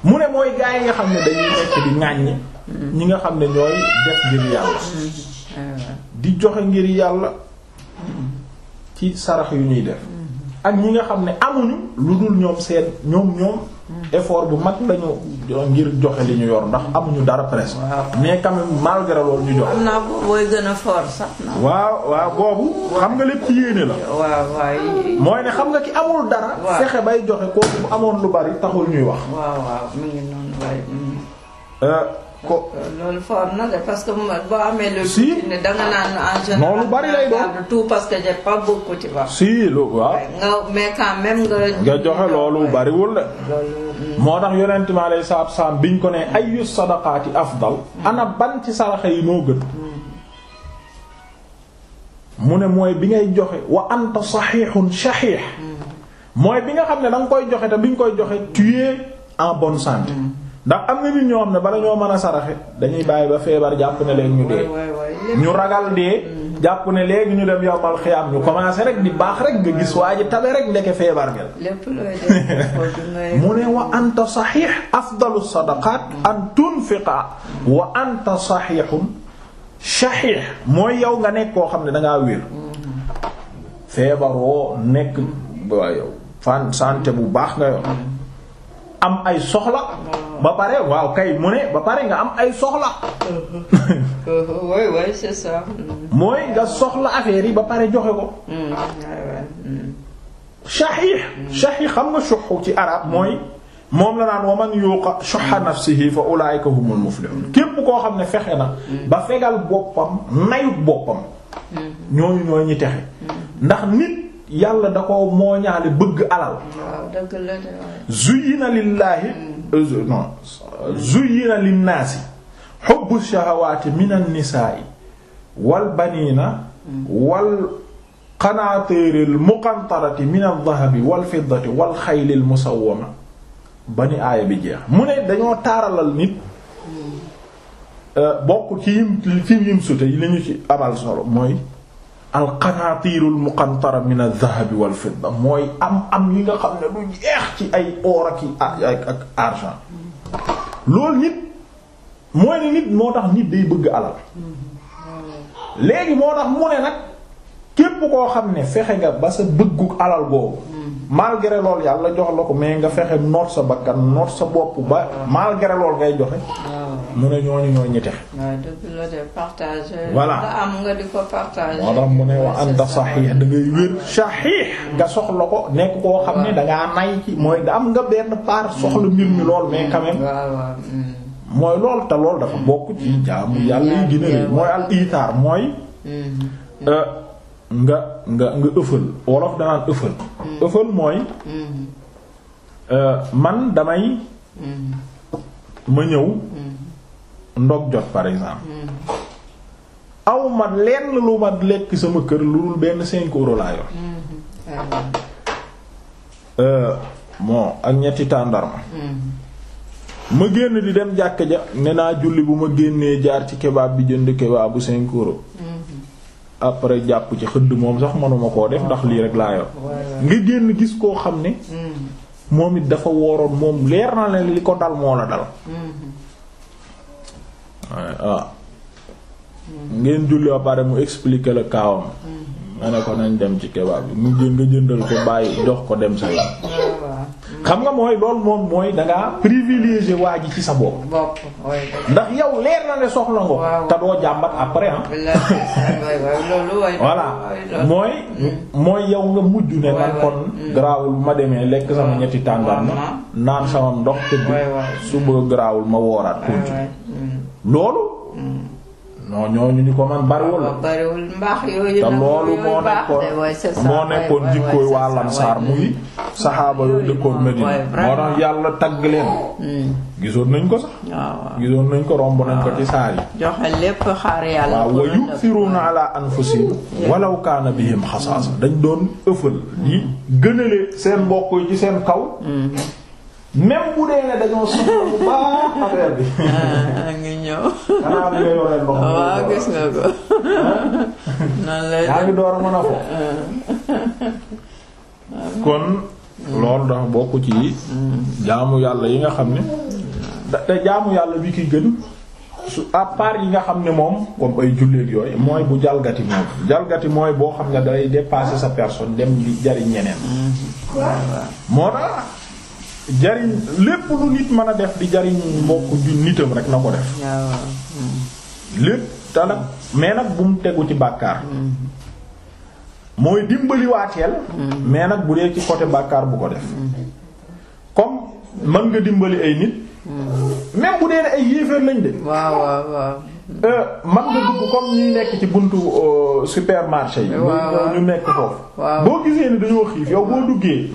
mu ne mooy gaa yi xam ne dañuy nekk di ŋaññi. ñi nga xam ne ñooy def ngir yàlla di joxe ngir yàlla ci sarax yu ñuy def ak ñi nga xam ne amuñu lu dul ñoom seen ñoom ñoom effort bu mag lañu ngir joxe li ñu yor ndax amuñu dara presque mais quand même malgré loolu ñu joxe. am naa booy waaw waaw boobu xam nga lépp ci yéene la. waaw waay. mooy ne xam nga ki amul dara. fexe bay joxe kooku amoon lu bari taxul ñuy wax. waaw ko loolu fort na boo amee le. si da nga naan lu bari lay doon tout que j'ai pas beaucoup tu vois. si lu waaw. nga mais quand nga. joxe loolu bariwul de. moo tax yonent mi alayhi salaatu salaam biñ ko ne ayu sadaqaati afdal. Mm. ana ban ci saraxe yi moo gën. Mm. mu ne mooy bi ngay joxe wa anta saxiixun saxiix. Mm. mooy bi nga xam ne da koy joxe te biñ koy joxe tu es en bonne santé. ndax am na nit ñoo xam ne bala ñoo mën a saraxe dañuy bàyyi ba feebar jàpp ne leen ñu dee ñu ragal dee jàpp ne léegi ñu dem yowmal xiyaam ñu commencé rek di baax rek nga gis waa ji tabe rek ndeke feebar ngel mu ne wa anta saxiix afdalu sadaqaat an tunfiqa wa anta saxiixun saxiix mooy yow nga nekk koo xam ne dangaa wér mm-hmm. feebar woo nekk waa fan santé bu baax nga yoon am ay soxla ba pare waaw kay mu ne ba pare nga am ay soxla mooy nga soxla affaire yi ba pare joxe ko hmm, shahih hmm. hmm. shahih xam nga shuhu ci arab mooy moom la naan wa man yuqa shuhha nafsihi fa ulaika humul muflihun képp koo xam ne fexe na ba fegal boppam nayut boppam ñooñu ñooy ñi texe ndax nit yàlla da ko mooñaale bëgg alal zuyyina lillaahi euh, non zuyyina linnaasi xubbu shahawaati minan nisaa'i wal baniina wal qanaatiril muqantarati minal dahabi wal fiddati wal xaylil musawwama ba ni aaya bi jeex mu ne dañoo taaralal nit euh, bokk ci yim ci yim sute yi lañu ci amal solo mooy alqanaatiirul muqantara min adh-dhahabi wal fidda mooy am am yi nga xam ne du jeex ci ay or ak ak argent loolu nit mooy ne nit moo tax nit day bëgg alal léegi moo tax mu ne nag képp koo xam ne fexe nga ba sa bëggu alal boobu malgré loolu yàlla jox la ko mais nga fexe noot sa bakkan noot sa bopp ba malgré loolu ngay joxe mu ne ñooñu ñooy ñi texe. Euh, voilà am nga di ko moo tax mu ne wa anta saxiix da ngay wér. saxiix nga soxla ko nekk koo xam ne da ngaa nay ci mooy da am nga benn part soxla mbir mi lool mais quand même. mooy lool te lool dafa bokk ci jaamu yàlla yi gën a mooy al itaar mooy. Mm-hmm. Euh, nga nga nga ëffal wolof danaan ëffal. Mm-hmm. ëffal mooy. Mm-hmm. Euh, man damay. ma ñëw. ndog jot par exemple mm. aw ma lenn lu ma lekk sama kër lu dul benn cinq laa yor mm-hmm. euh, bon ak ñetti tàndarma mm-hmm. ma génn li dem jàkk ja ne naa julli bu ma génnee jaar ci kebaab bi jënd kebaabu cinq mm-hmm. après jàpp ci xëdd moom sax manuma koo def ndax lii rek laa yor nga génn gis koo xam ne moom it dafa wooroon moom leer na leen li ko dal moo la dal waaw ah. ngeen julli ba pare mu expliquer la kaawam ma mm. ne ko nañ dem ci kebaab bi mu jën nga jëndal ko bàyyi jox ko dem sa yoon ah, mm. xam nga mooy loolu moom mooy dangaa privilégié waa ji ci sa bopp ndax yow leer na ne soxla nga te jàmbat après ah voilà mooy mm. mooy yow nga mujj ne nag kon garaawul ma demee lekk sama ñetti tàndarma naan sama ndox tëdd suba garaawul ma wooraat konti loolu. Hmm. non ñooñu ñu ko man bariwul. bariwul mbaax te loolu moo nekkoon moo nekkoon jikkooy waa Lansaar muy saxaaba yu dëkkoon moo tax yàlla tagg leen. Hmm. gisoon nañ ko sax. gisoon nañ ko romb nañ ko ci saar yi. joxe lépp xaar yàlla. waaw wa yu'thiruna ala anfusihim hmm. walaw kaana bihim xasaasa dañ doon ëffal. di gënale seen mbokk yi ci seen kaw. même bu dee ne dañoo soxla bu baax affaire bi. ah ngi ñëw. xanaa nga yoreel loxo. Ah, waaw gis nga ko. Ah. ngi door a mën a fo. Ah. kon loolu dafa bokk ci jaamu yàlla yi nga xam ne te jaamu yàlla bi ki gën su à yi nga xam ne moom comme ay julleek yooyu mooy bu jalgati moom jalgati mooy boo xam ne day dépasser sa personne dem di jariñ ñeneen. Mm-hmm. moo tax. jariñ lépp lu nit mën a def di jariñ mbokk ju nitam rek na ko def lépp te nag mais nag bu mu tegu ci bàkkaar mm-hmm. mooy dimbaliwaateel mm-hmm. mais nag bu dee ci côté bàkkaar bu ko def mm-hmm. comme man nga dimbali ay nit même bu dee ne ay yéeféer lañ de waaw waaw waaw euh, man nga dugg comme ñuy nekk ci buntu euh, supermarché yi ñu nekk foofu boo gisee ni dañoo xiif yow boo duggee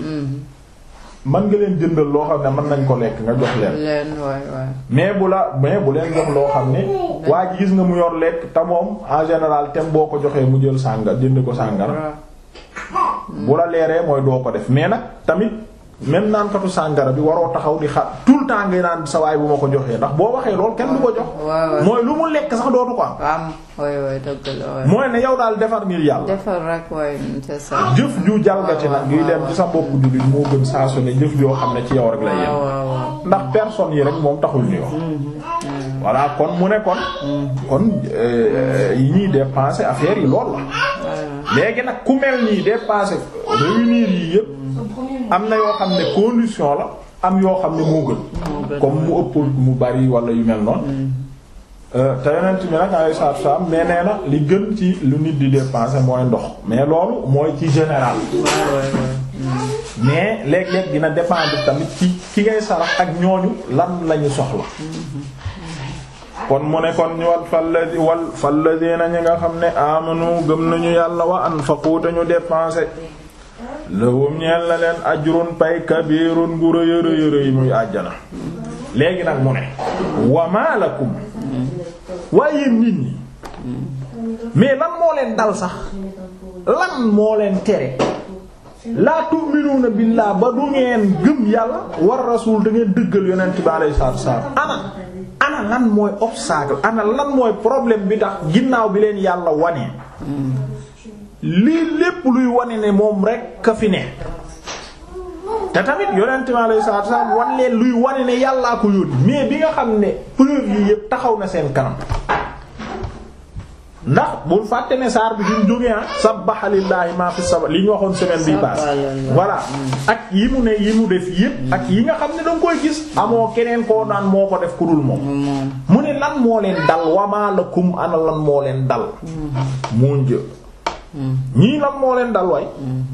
man nga leen jëndal loo xam ne mën nañ ko lekk nga jox leen mais bu la mais bu leen jox loo xam ne waa ji gis nga mu yor lekk te moom en général tem boo ko joxee mu jël sànga jënd ko sàngara bu la leeree mooy doo ko def mais nag tamit même naankatu sàngara bi waroo taxaw di xa tout le temps ngay naan sa waay bu ma ko joxee ndax boo waxee lool kenn du ko jox. mooy lu mu lekk sax dootu ko am. mooy ne yow daal defar ngir yàlla. defar rek jëf ju jalgati nag yuy dem ci sa bopp jullit moo gën saa su ne jëf joo xam ne ci yow rek la yem. ndax personne yi rek moom taxul ñu wax. Mm-hmm. Mm-hmm. voilà kon mu ne kon. Mm-hmm. kon euh, yi ñuy dépenser affaire yi lool la. léegi nag ku mel nii dépassé réunir yi yépp am na yoo xam ne condition la am yoo xam ne moo gën comme mu ëpp mu bari wala yu mel noonu euh, te yonent bi nag ay saab saab mais nee na li gën ci lu nit di dépenser mooy ndox mais loolu mooy ci général mais léeg-léeg dina dépendre tamit ci ki ngay sarax ak ñooñu lan lañu soxla kon mu ne kon wal falladi wal falladiina ñi nga xam ne amanu gëm nañu yàlla wa anfaqu te ñu dépensé lahum ñeel la leen ajrun pay kabirun gu rëy rëy rëy muy àjjana léegi nag mu ne wa malakum waaye yéen nit mais lan moo leen dal sax lan moo leen tere laa tu'minuuna billaa ba du ngeen gëm yàlla war rasul da ngeen dëggal yonent bi alayhi salaatu wa salaam ana lan mooy obstacle ana lan mooy problème bi tax ginnaaw bi leen yàlla wane lii lépp luy wane ne moom rek ka fi ne te tamit yonent mi alayhi salaatu salaam luy wane ne yàllaa ko yónni mais bi nga xam ne preuve yi yëpp taxaw na seen kanam ndax bul fàtte ne saar bi duñ jógee ah sabbaha lillaahi ma fi saba li waxoon semaine bi paase voilà ak yi mu ne yi mu def yépp ak yi nga xam ne danga koy gis amoo keneen koo naan moo ko def ku dul moom mu ne lan moo leen dal wamaa lakum ana lan moo leen dal moo mm-hmm. një mm-hmm. ñii lan moo leen dal waay mm-hmm.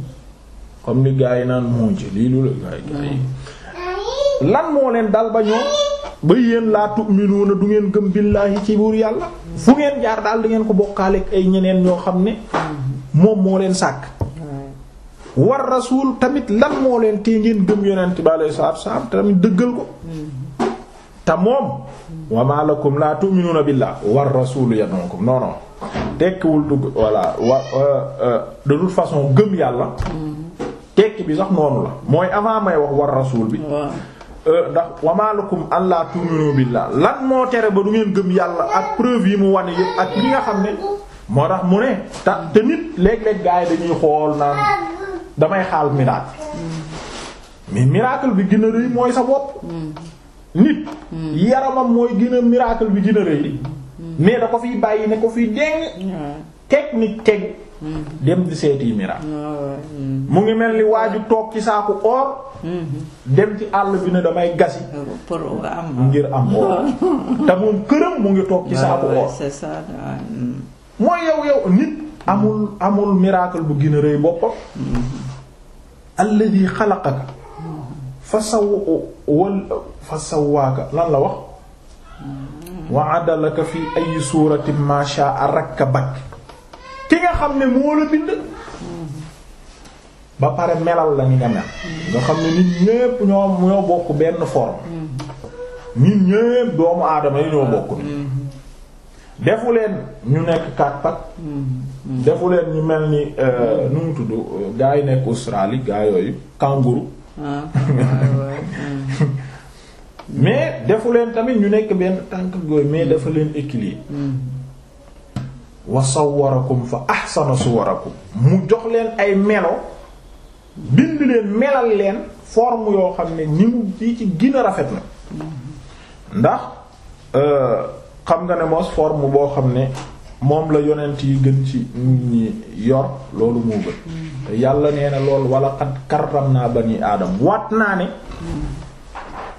la lan moo leen dal ba ñoom ba yéen laa tu'minuuna du ngeen gëm billaahi ci buur yàlla fu ngeen jaar daal di ko ko bokkaaleeg ay ñeneen ñoo xam ne moom moo leen sàkk war rasuul tamit lan moo leen tee ngeen gëm yonent bi alayhi salaatu tamit dëggal ko te moom wa maa lakum laa tu'minuuna billaahi war rasuul yadukum non non tekkiwul dugg voilà wa euh, euh, de façon gëm yàlla mm-hmm. tekki bi sax noonu la mooy avant may wax war rasuul bi Euh, ndax wamaalakum allah tu'minu billah lan moo tere ba du ngeen gëm yàlla ak preuve yi mu wane yëpp ak li nga xam ne moo tax mu ne ta te nit léeg-léeg gars yi dañuy xool naan damay xaal miracle mais miracle bi gën a rëy mooy sa bopp nit yaramam mooy gën a miracle bi gën a rëy hmm. mais da ko fiy bàyyi ne ko fiy déng hmm. technique teg dem di seeti miraas ah, hmm. mu ngi mel ni waaju toog ci saaku or hmm. dem ci àll bi ne damay gasi ah, ngir am or ah. te moom këram mu ngi toog ci saaku or hmm. mooy yow yow nit amul amul miracle bu gën a rëy boppam alladhi xalaqaka fa saw wal lan la wax wa adalaka fi ay suratin ma sha'a rakkabak ki nga xam ne moo la bind ba pare melal la ni nga mel nga xam ne nit ñépp ñoo ñoo bokk benn forme nit ñépp doomu aadama yi ñoo bokk ni defu leen ñu nekk kat pat defu leen ñu mel ni euh, nu mu tudd gaa yi nekk Australie gaa yooyu kangourou ah, ah, mais defu leen tamit ñu nekk benn tànk gooy mais dafa leen équilibre hmm. wa sawwarakum fa ahsana suwarakum mu jox leen ay melo bind leen melal leen forme yoo xam ne ni mu yi ci gën rafet na ndax euh, xam nga ne moos forme boo xam ne moom la yonent yi gën ci nit ñi yor loolu moo gën te yàlla nee na lool wala xat karram naa bani aadam wat naa ne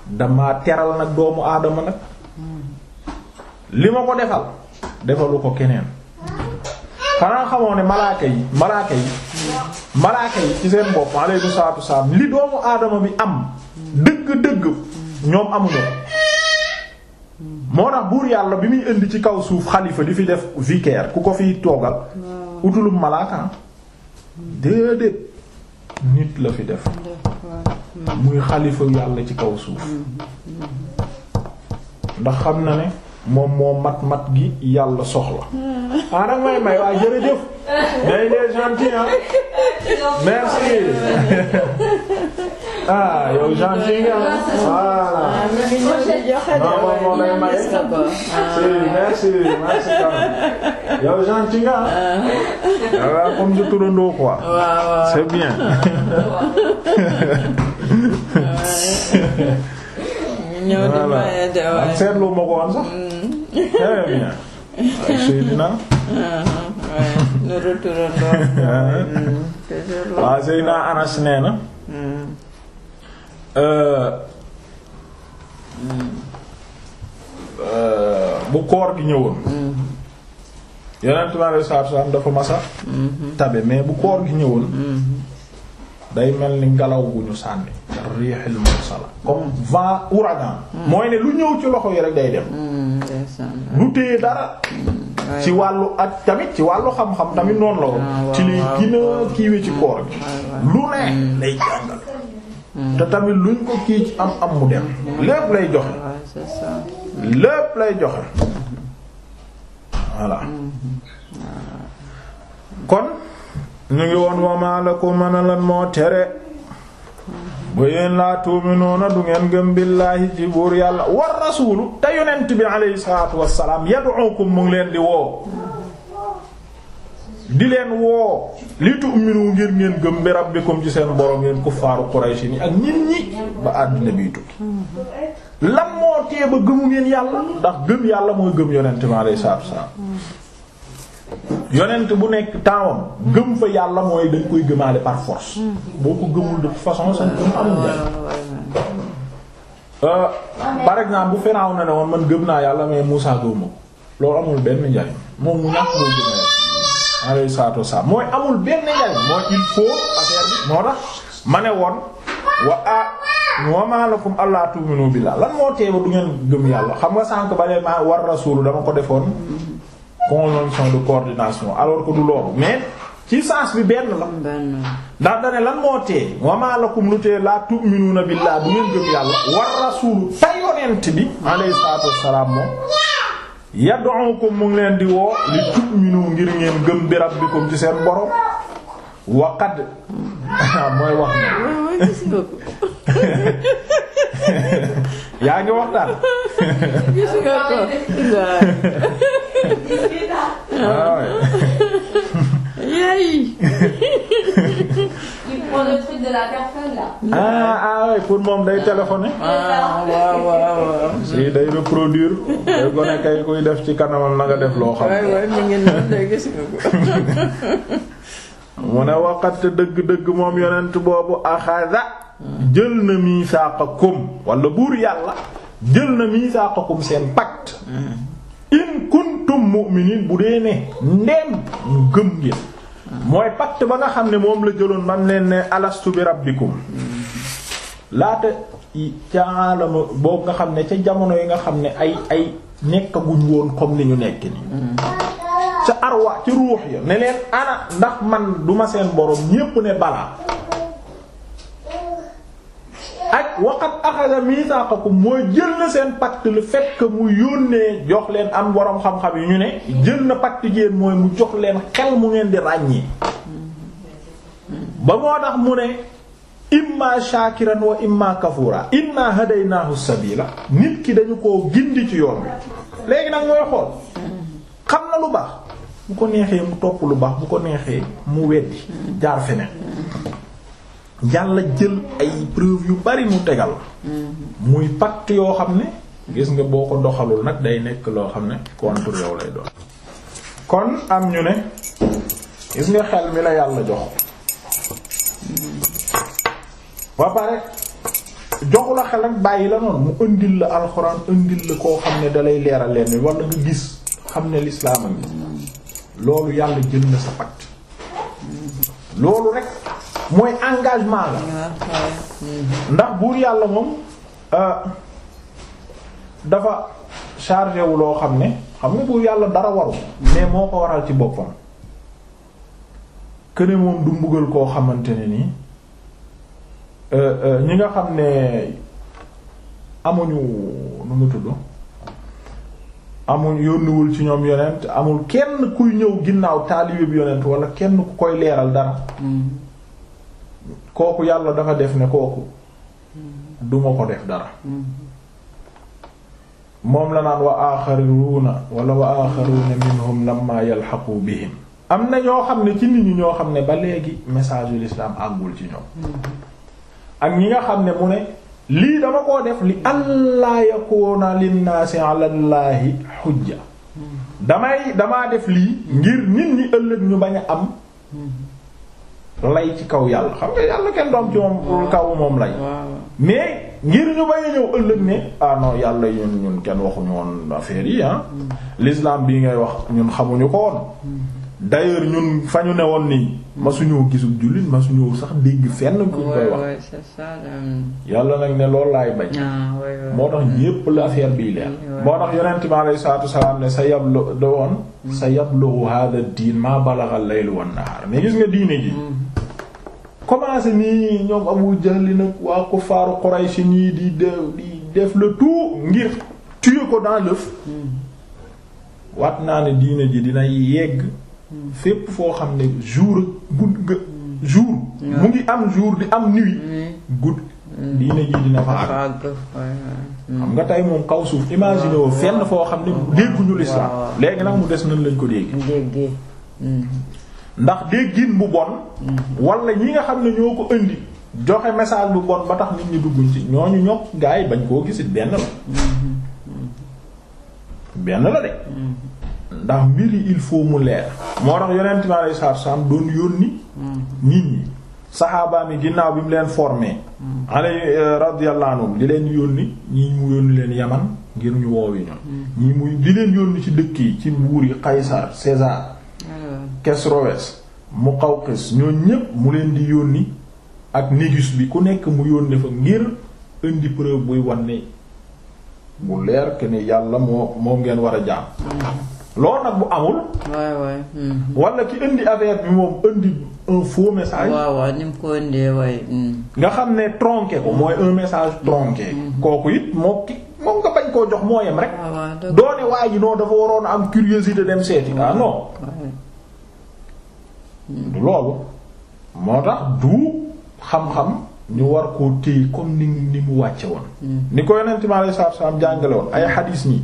dama teral nag doomu aadama nag li ma ko defal defalu ko keneen xanaa xamoo ne malaaka yi malaaka yi malaaka yi ci seen bopp alayhi salaatu wassalaam li doomu aadama bi am dëgg-dëgg ñoom amuñu moo tax buur yàlla bi muy indi ci kaw suuf xalifa di fi def vicaire ku ko fi toogal utulum malaaka déedéet nit la fi def muy xalifa yàlla ci kaw suuf mm-hmm. Mm-hmm. ndax xam na ne moom moo mat mat gi yàlla soxla. Hmm. ah may may waa jërëjëf. mais il est gentil hein. merci. ah yow gentil nga ah. non moom lay maye. merci merci. yow gentil nga ah. comme je turandoo quoi. c'est bien. ñëw di maye de waaye seetlu ma ko woon sax. waaye mm. Seydina. waaw ah, ah, mm, ah, Anas nee mm. euh, euh, bu koor gi ñëwoon. yeneen tubaab yi dafa masa mm-hmm. tabe mais bu koor gi ñëwoon. Mm-hmm. day mel ni ngelaw bu ñu sànni rihil mursala comme vent ouragan hmm. mooy ne lu ñëw ci loxo yi rek day dem hmm, du téye dara hmm, ci wàllu ak tamit ci wàllu xam-xam tamit noonu la woon ah, ci liy gën a ci koor bi lu ne lay jàngal te tamit luñ ko kii ci am am mu dem lépp lay joxe lépp lay joxe voilà ah. kon ñu ngi woon wa maa lakum ana lan moo tere ba yéen laa tuuminuuna du ngeen gëm billaahi ci buur yàlla war rasuulu te yonent bi alayhi salaatu wassalaam yad'ukum mu ngi leen di woo di leen woo li tu'minu ngir ngeen gëm bi rabbikum ci seen borom ngeen kuffaaru Quraysh ni ak nit ñi ba àddina biy tukki lan moo tee ba gëmu ngeen yàlla ndax gëm yàlla mooy gëm yonent bi alayhi salaatu wassalaam yonent bu nekk taawam gëm fa yàlla mooy dañ koy gëmaale par force mm. boo ko gëmul de toute façon sax gëm amul njariñ euh, par exemple bu Firaaw na ne woon man gëm naa yàlla mais Muusaa gëmuma loolu amul benn njariñ moom mooy amul benn il faut moo tax ma ne woon wa a wa ma lakum allaa tu'minu billaah lan moo teeba du ngeen gëm yàlla xam nga sànk ba leen maa war rasuul dama ko defoon conjonction de coordination alors que du loolu mais ci sens bi benn la ndax dane lan moo tee wama lakum lu tee laa tu'minuuna billahi bu ngeen gëm yàlla war rasuulu te bi alayhi salaatu wassalaam moom yad'ukum mu ngi leen di woo li tu'minu ngir ngeen gëm bi rabbikum ci seen borom wa qad mooy wax na yaa ngi waxtaan Ah, ah pour moom day téléphoner. ah waaw ah, day reproduire. day gone kay kuy def ci kanamam na def loo xam. waay waay mi mu ne waqat dëgg-dëgg moom yonent boobu axada jël na miisaaqakum wala buur yàlla jël na miisaaqakum seen pacte. Mm. in kuntum mu'minin bu dee ne ndeem ñu gëm ngeen mooy pacte ba nga xam ne moom la jëloon man leen ne alastu bi rabbikum laata ca alama boobu nga xam ne ca jamono yi nga xam ne ay ay nekkaguñ woon comme ni ñu nekk nii ca arwa ci ruux ya ne leen ana ndax man duma seen boroom ñépp ne balaa ak waqat axada misaqakum mooy jël na seen pacte le fait mu yónnee jox leen am woroom xam-xam yu ñu ne jël na pacte géen mooy mu jox leen xel mu ngeen di ràññee ba moo tax mu ne imma shakiran wa imma kafura inna hadaynaahu sabila nit ki dañu ko gind ci yoon léegi nag mooy xool xam na lu baax bu ko neexee mu topp lu baax bu ko neexee mu weddi jaar feneen yàlla jël ay preuve yu bari mu tegal muy pacte yoo xam ne gis nga boo ko doxalul nag day nekk loo xam ne contre lay doon kon am ñu ne gis nga xel mi la yàlla jox waa pare joxu la xel rek bàyyi la noonu mu indil la alxuraan indil la koo xam ne dalay leeral leen mi wala nga gis xam ne lislaam a loolu yàlla jël na sa pacte loolu rek mooy engagement la ndax buur yàlla moom euh, dafa chargé wu loo xam ne xam nga buur yàlla dara waru mais moo ko waral ci boppam këne moom du mbugal koo xamante ne nii euh, euh, ñi nga xam ne amuñu nu mu tudd amul yónniwul ci ñoom yonent amul kenn kuy ñëw ginnaaw taalibe bi yonent wala kenn ku koy leeral dara mm. kooku yàlla dafa def ne kooku duma ko def dara moom la naan wa aaxaruuna wala wa aaxaruuna minhum lamma yalxaqu bihim am na ñoo xam ne ci nit ñi ñoo xam ne ba léegi message yu l'islam àggul ci ñoom ak ñi nga xam ne mu ne lii dama koo def li allah yakuuna linnaasi alallaahi xujja damay damaa def lii ngir nit ñi ëllëg ñu bañ am lay ci kaw yàlla xam nga yàlla kenn doom ci moom kaw moom lay mais ngir ñu bay a ñëw ëllëg ne ah non yàlla ñun ñun kenn waxuñu woon affaire yi ah mm. bii ngay wax ñun xamuñu ko woon mm. d'ailleurs ñun fa ñu ne woon nii mm. ma suñu gisub jullit ma suñu sax dégg fenn bu wax yàlla nag ne loolu laay bañ ah, moo tax yépp la affaire bii leer moo tax yonent bi alayhi salaatu wasalaam ne sa yablu doon sa yablu hadha ad ma balagha al-layl wan-nahar mais gis nga diine commencé nii ñoom Abu Jahl nag waa kuffaaru Quraysh ñii di di def le tout ngir tuer ko dans l'œuf waat naa ne diina ji dina yegg fépp foo xam ne jour gudd jour mu ngi am jour di am nuit gudd diine ji dina fa àgg xam nga tey moom kaw suuf imagine woo fenn foo xam ne dégguñu l'islam léegi nag mu des nañ lañ ko dégg hmm. ndax déggin bu bon wala ñi nga xam ne ñoo ko indi joxe message bu bon ba tax nit ñi dugguñ ci ñooñu ñokk gaa yi bañ koo gisit benn la benn la de ndax mbir yi il faut mu leer moo tax yonent bi alayhi salaatu salaam doon yónni nit ñi saxaabaam yi ginnaaw bi mu leen formé alay euh, radiyallahu anhum di leen yónni ñii mu yónni leen yaman ngir ñu woowi ñoom ñii muy di leen yónni ci dëkk yi ci buur yi Qaysar César Kesrowes Muqawqis ñoo ñépp mu leen di yónni ak négus bi ku nekk mu yónni fa ngir indi preuve buy wanne mu leer que ni yàlla moo moom ngeen war a jaam loolu nag bu amul waay waay hmm. wala ki indi affaire bi moom indi un faux message waaw waaw ni mu ko indee waay hmm. nga xam ne tronqué ko mooy un message tronqué hmm. kooku it moo ki moom nga bañ koo jox moo yem rek doone waa ji noo dafa waroon a am curiosité dem seeti ah non du loolu moo tax du xam-xam ñu war koo téye comme ni ni mu wàcce woon mm. ni ko yonent mi alayhi salaatu salaam jàngale woon ay xadiis nii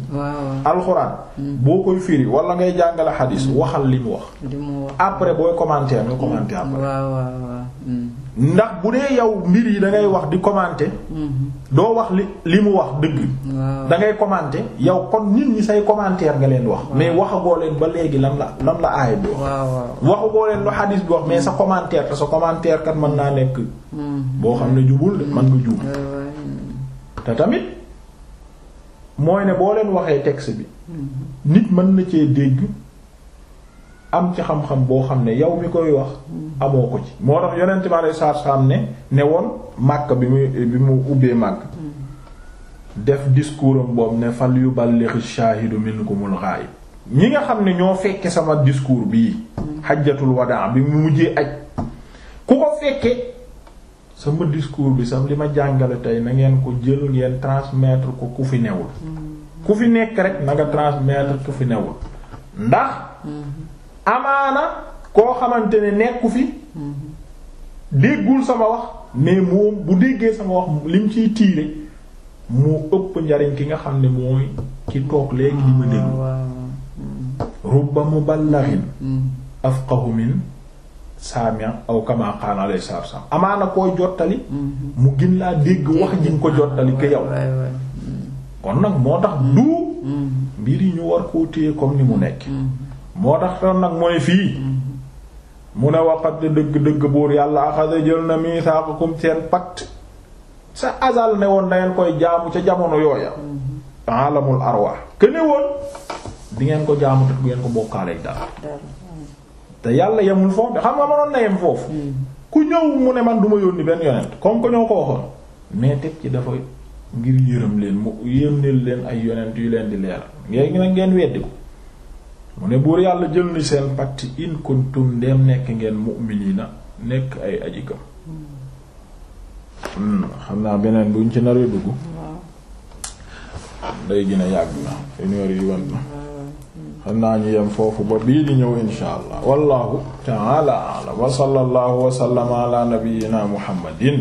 alxuraan mm. boo koy firi wala ngay jàngale xadiis mm. waxal li mu wax après booy commenter nga commenter après ndax bu dee yow mbir yi da ngay wax di commenter doo wax li li mu wax dëgg da ngay commenter yow kon nit ñi say commentaire nga leen wax mais waxagoo leen ba léegi lan la lan la aay bi wax waxagoo leen lu xadis bi mais sa commentaire te sa commentaire kat mën naa nekk hmm. boo xam ne jubul de man nga jub te tamit mooy ne boo leen waxee tex bi hmm. nit mën na cee dégg am ci xam-xam boo xam ne yow mi koy wax amoo ko ci moo tax yonent bi alayhi salaatu salaam ne ne woon màkk bi mu bi mu ubbee màgg def discours am boobu ne fal yuballigh ash-shaahidu minkumul ghaa'ib ñi nga xam ne ñoo fekke sama discours bii xajjatul wadaa bi mu mujjee aj ku ko fekke sama discours bi sax li ma jàngale tey na ngeen ko jël ngeen transmettre ko ku fi newul ku fi nekk rek na nga ku fi newul ndax mm-hmm. amaana koo xamante ne nekku fi déggul sama wax mais moom bu déggee sama wax lim ciy tiire mu ëpp njariñ ki nga xam ne mooy ci toog léegi li ma ah, déglu rubba muballighin mm, mm, mm. afqahu min saamia aw kama qaala alayhi salaatu wassalaam amaana koo jottali mu gën laa dégg wax ji ko ah, jottali ko yow kon nag moo tax du mbir yi ñu war koo téye comme ni mu nekk moo tax kon nag mooy ne fii mu ne waqat dëgg-dëgg buur yàlla axada jël na misaaqakum seen pacte sa asal ne woon nangeen koy jaamu ca jamono yooya alamul arwah kene woon di ngeen ko jaamu te bu ngeen ko bokkaaleeg dara te yàlla yemul foofu xam nga mënoon na yem foofu ku ñëw mu ne man duma ma yónni benn yonent comme que ñoo ko waxoon mais teg ci dafa ngir yërëm leen mu yéem leen ay yonent yu leen di leeral ngeen nag ngeen weddi ko mu ne buur yàlla jël ni seen patti in kuntum ndeem nekk ngeen na nekk ay aji hmm, xam naa beneen buñ ci naree dugg day gën yàgg na une yi wan na hmm. xam naa ñu yem foofu ba bii di ñëw insha allah wallahu ta'ala a'lam wa sallallahu wa sallama ala nabiyyina muhammadin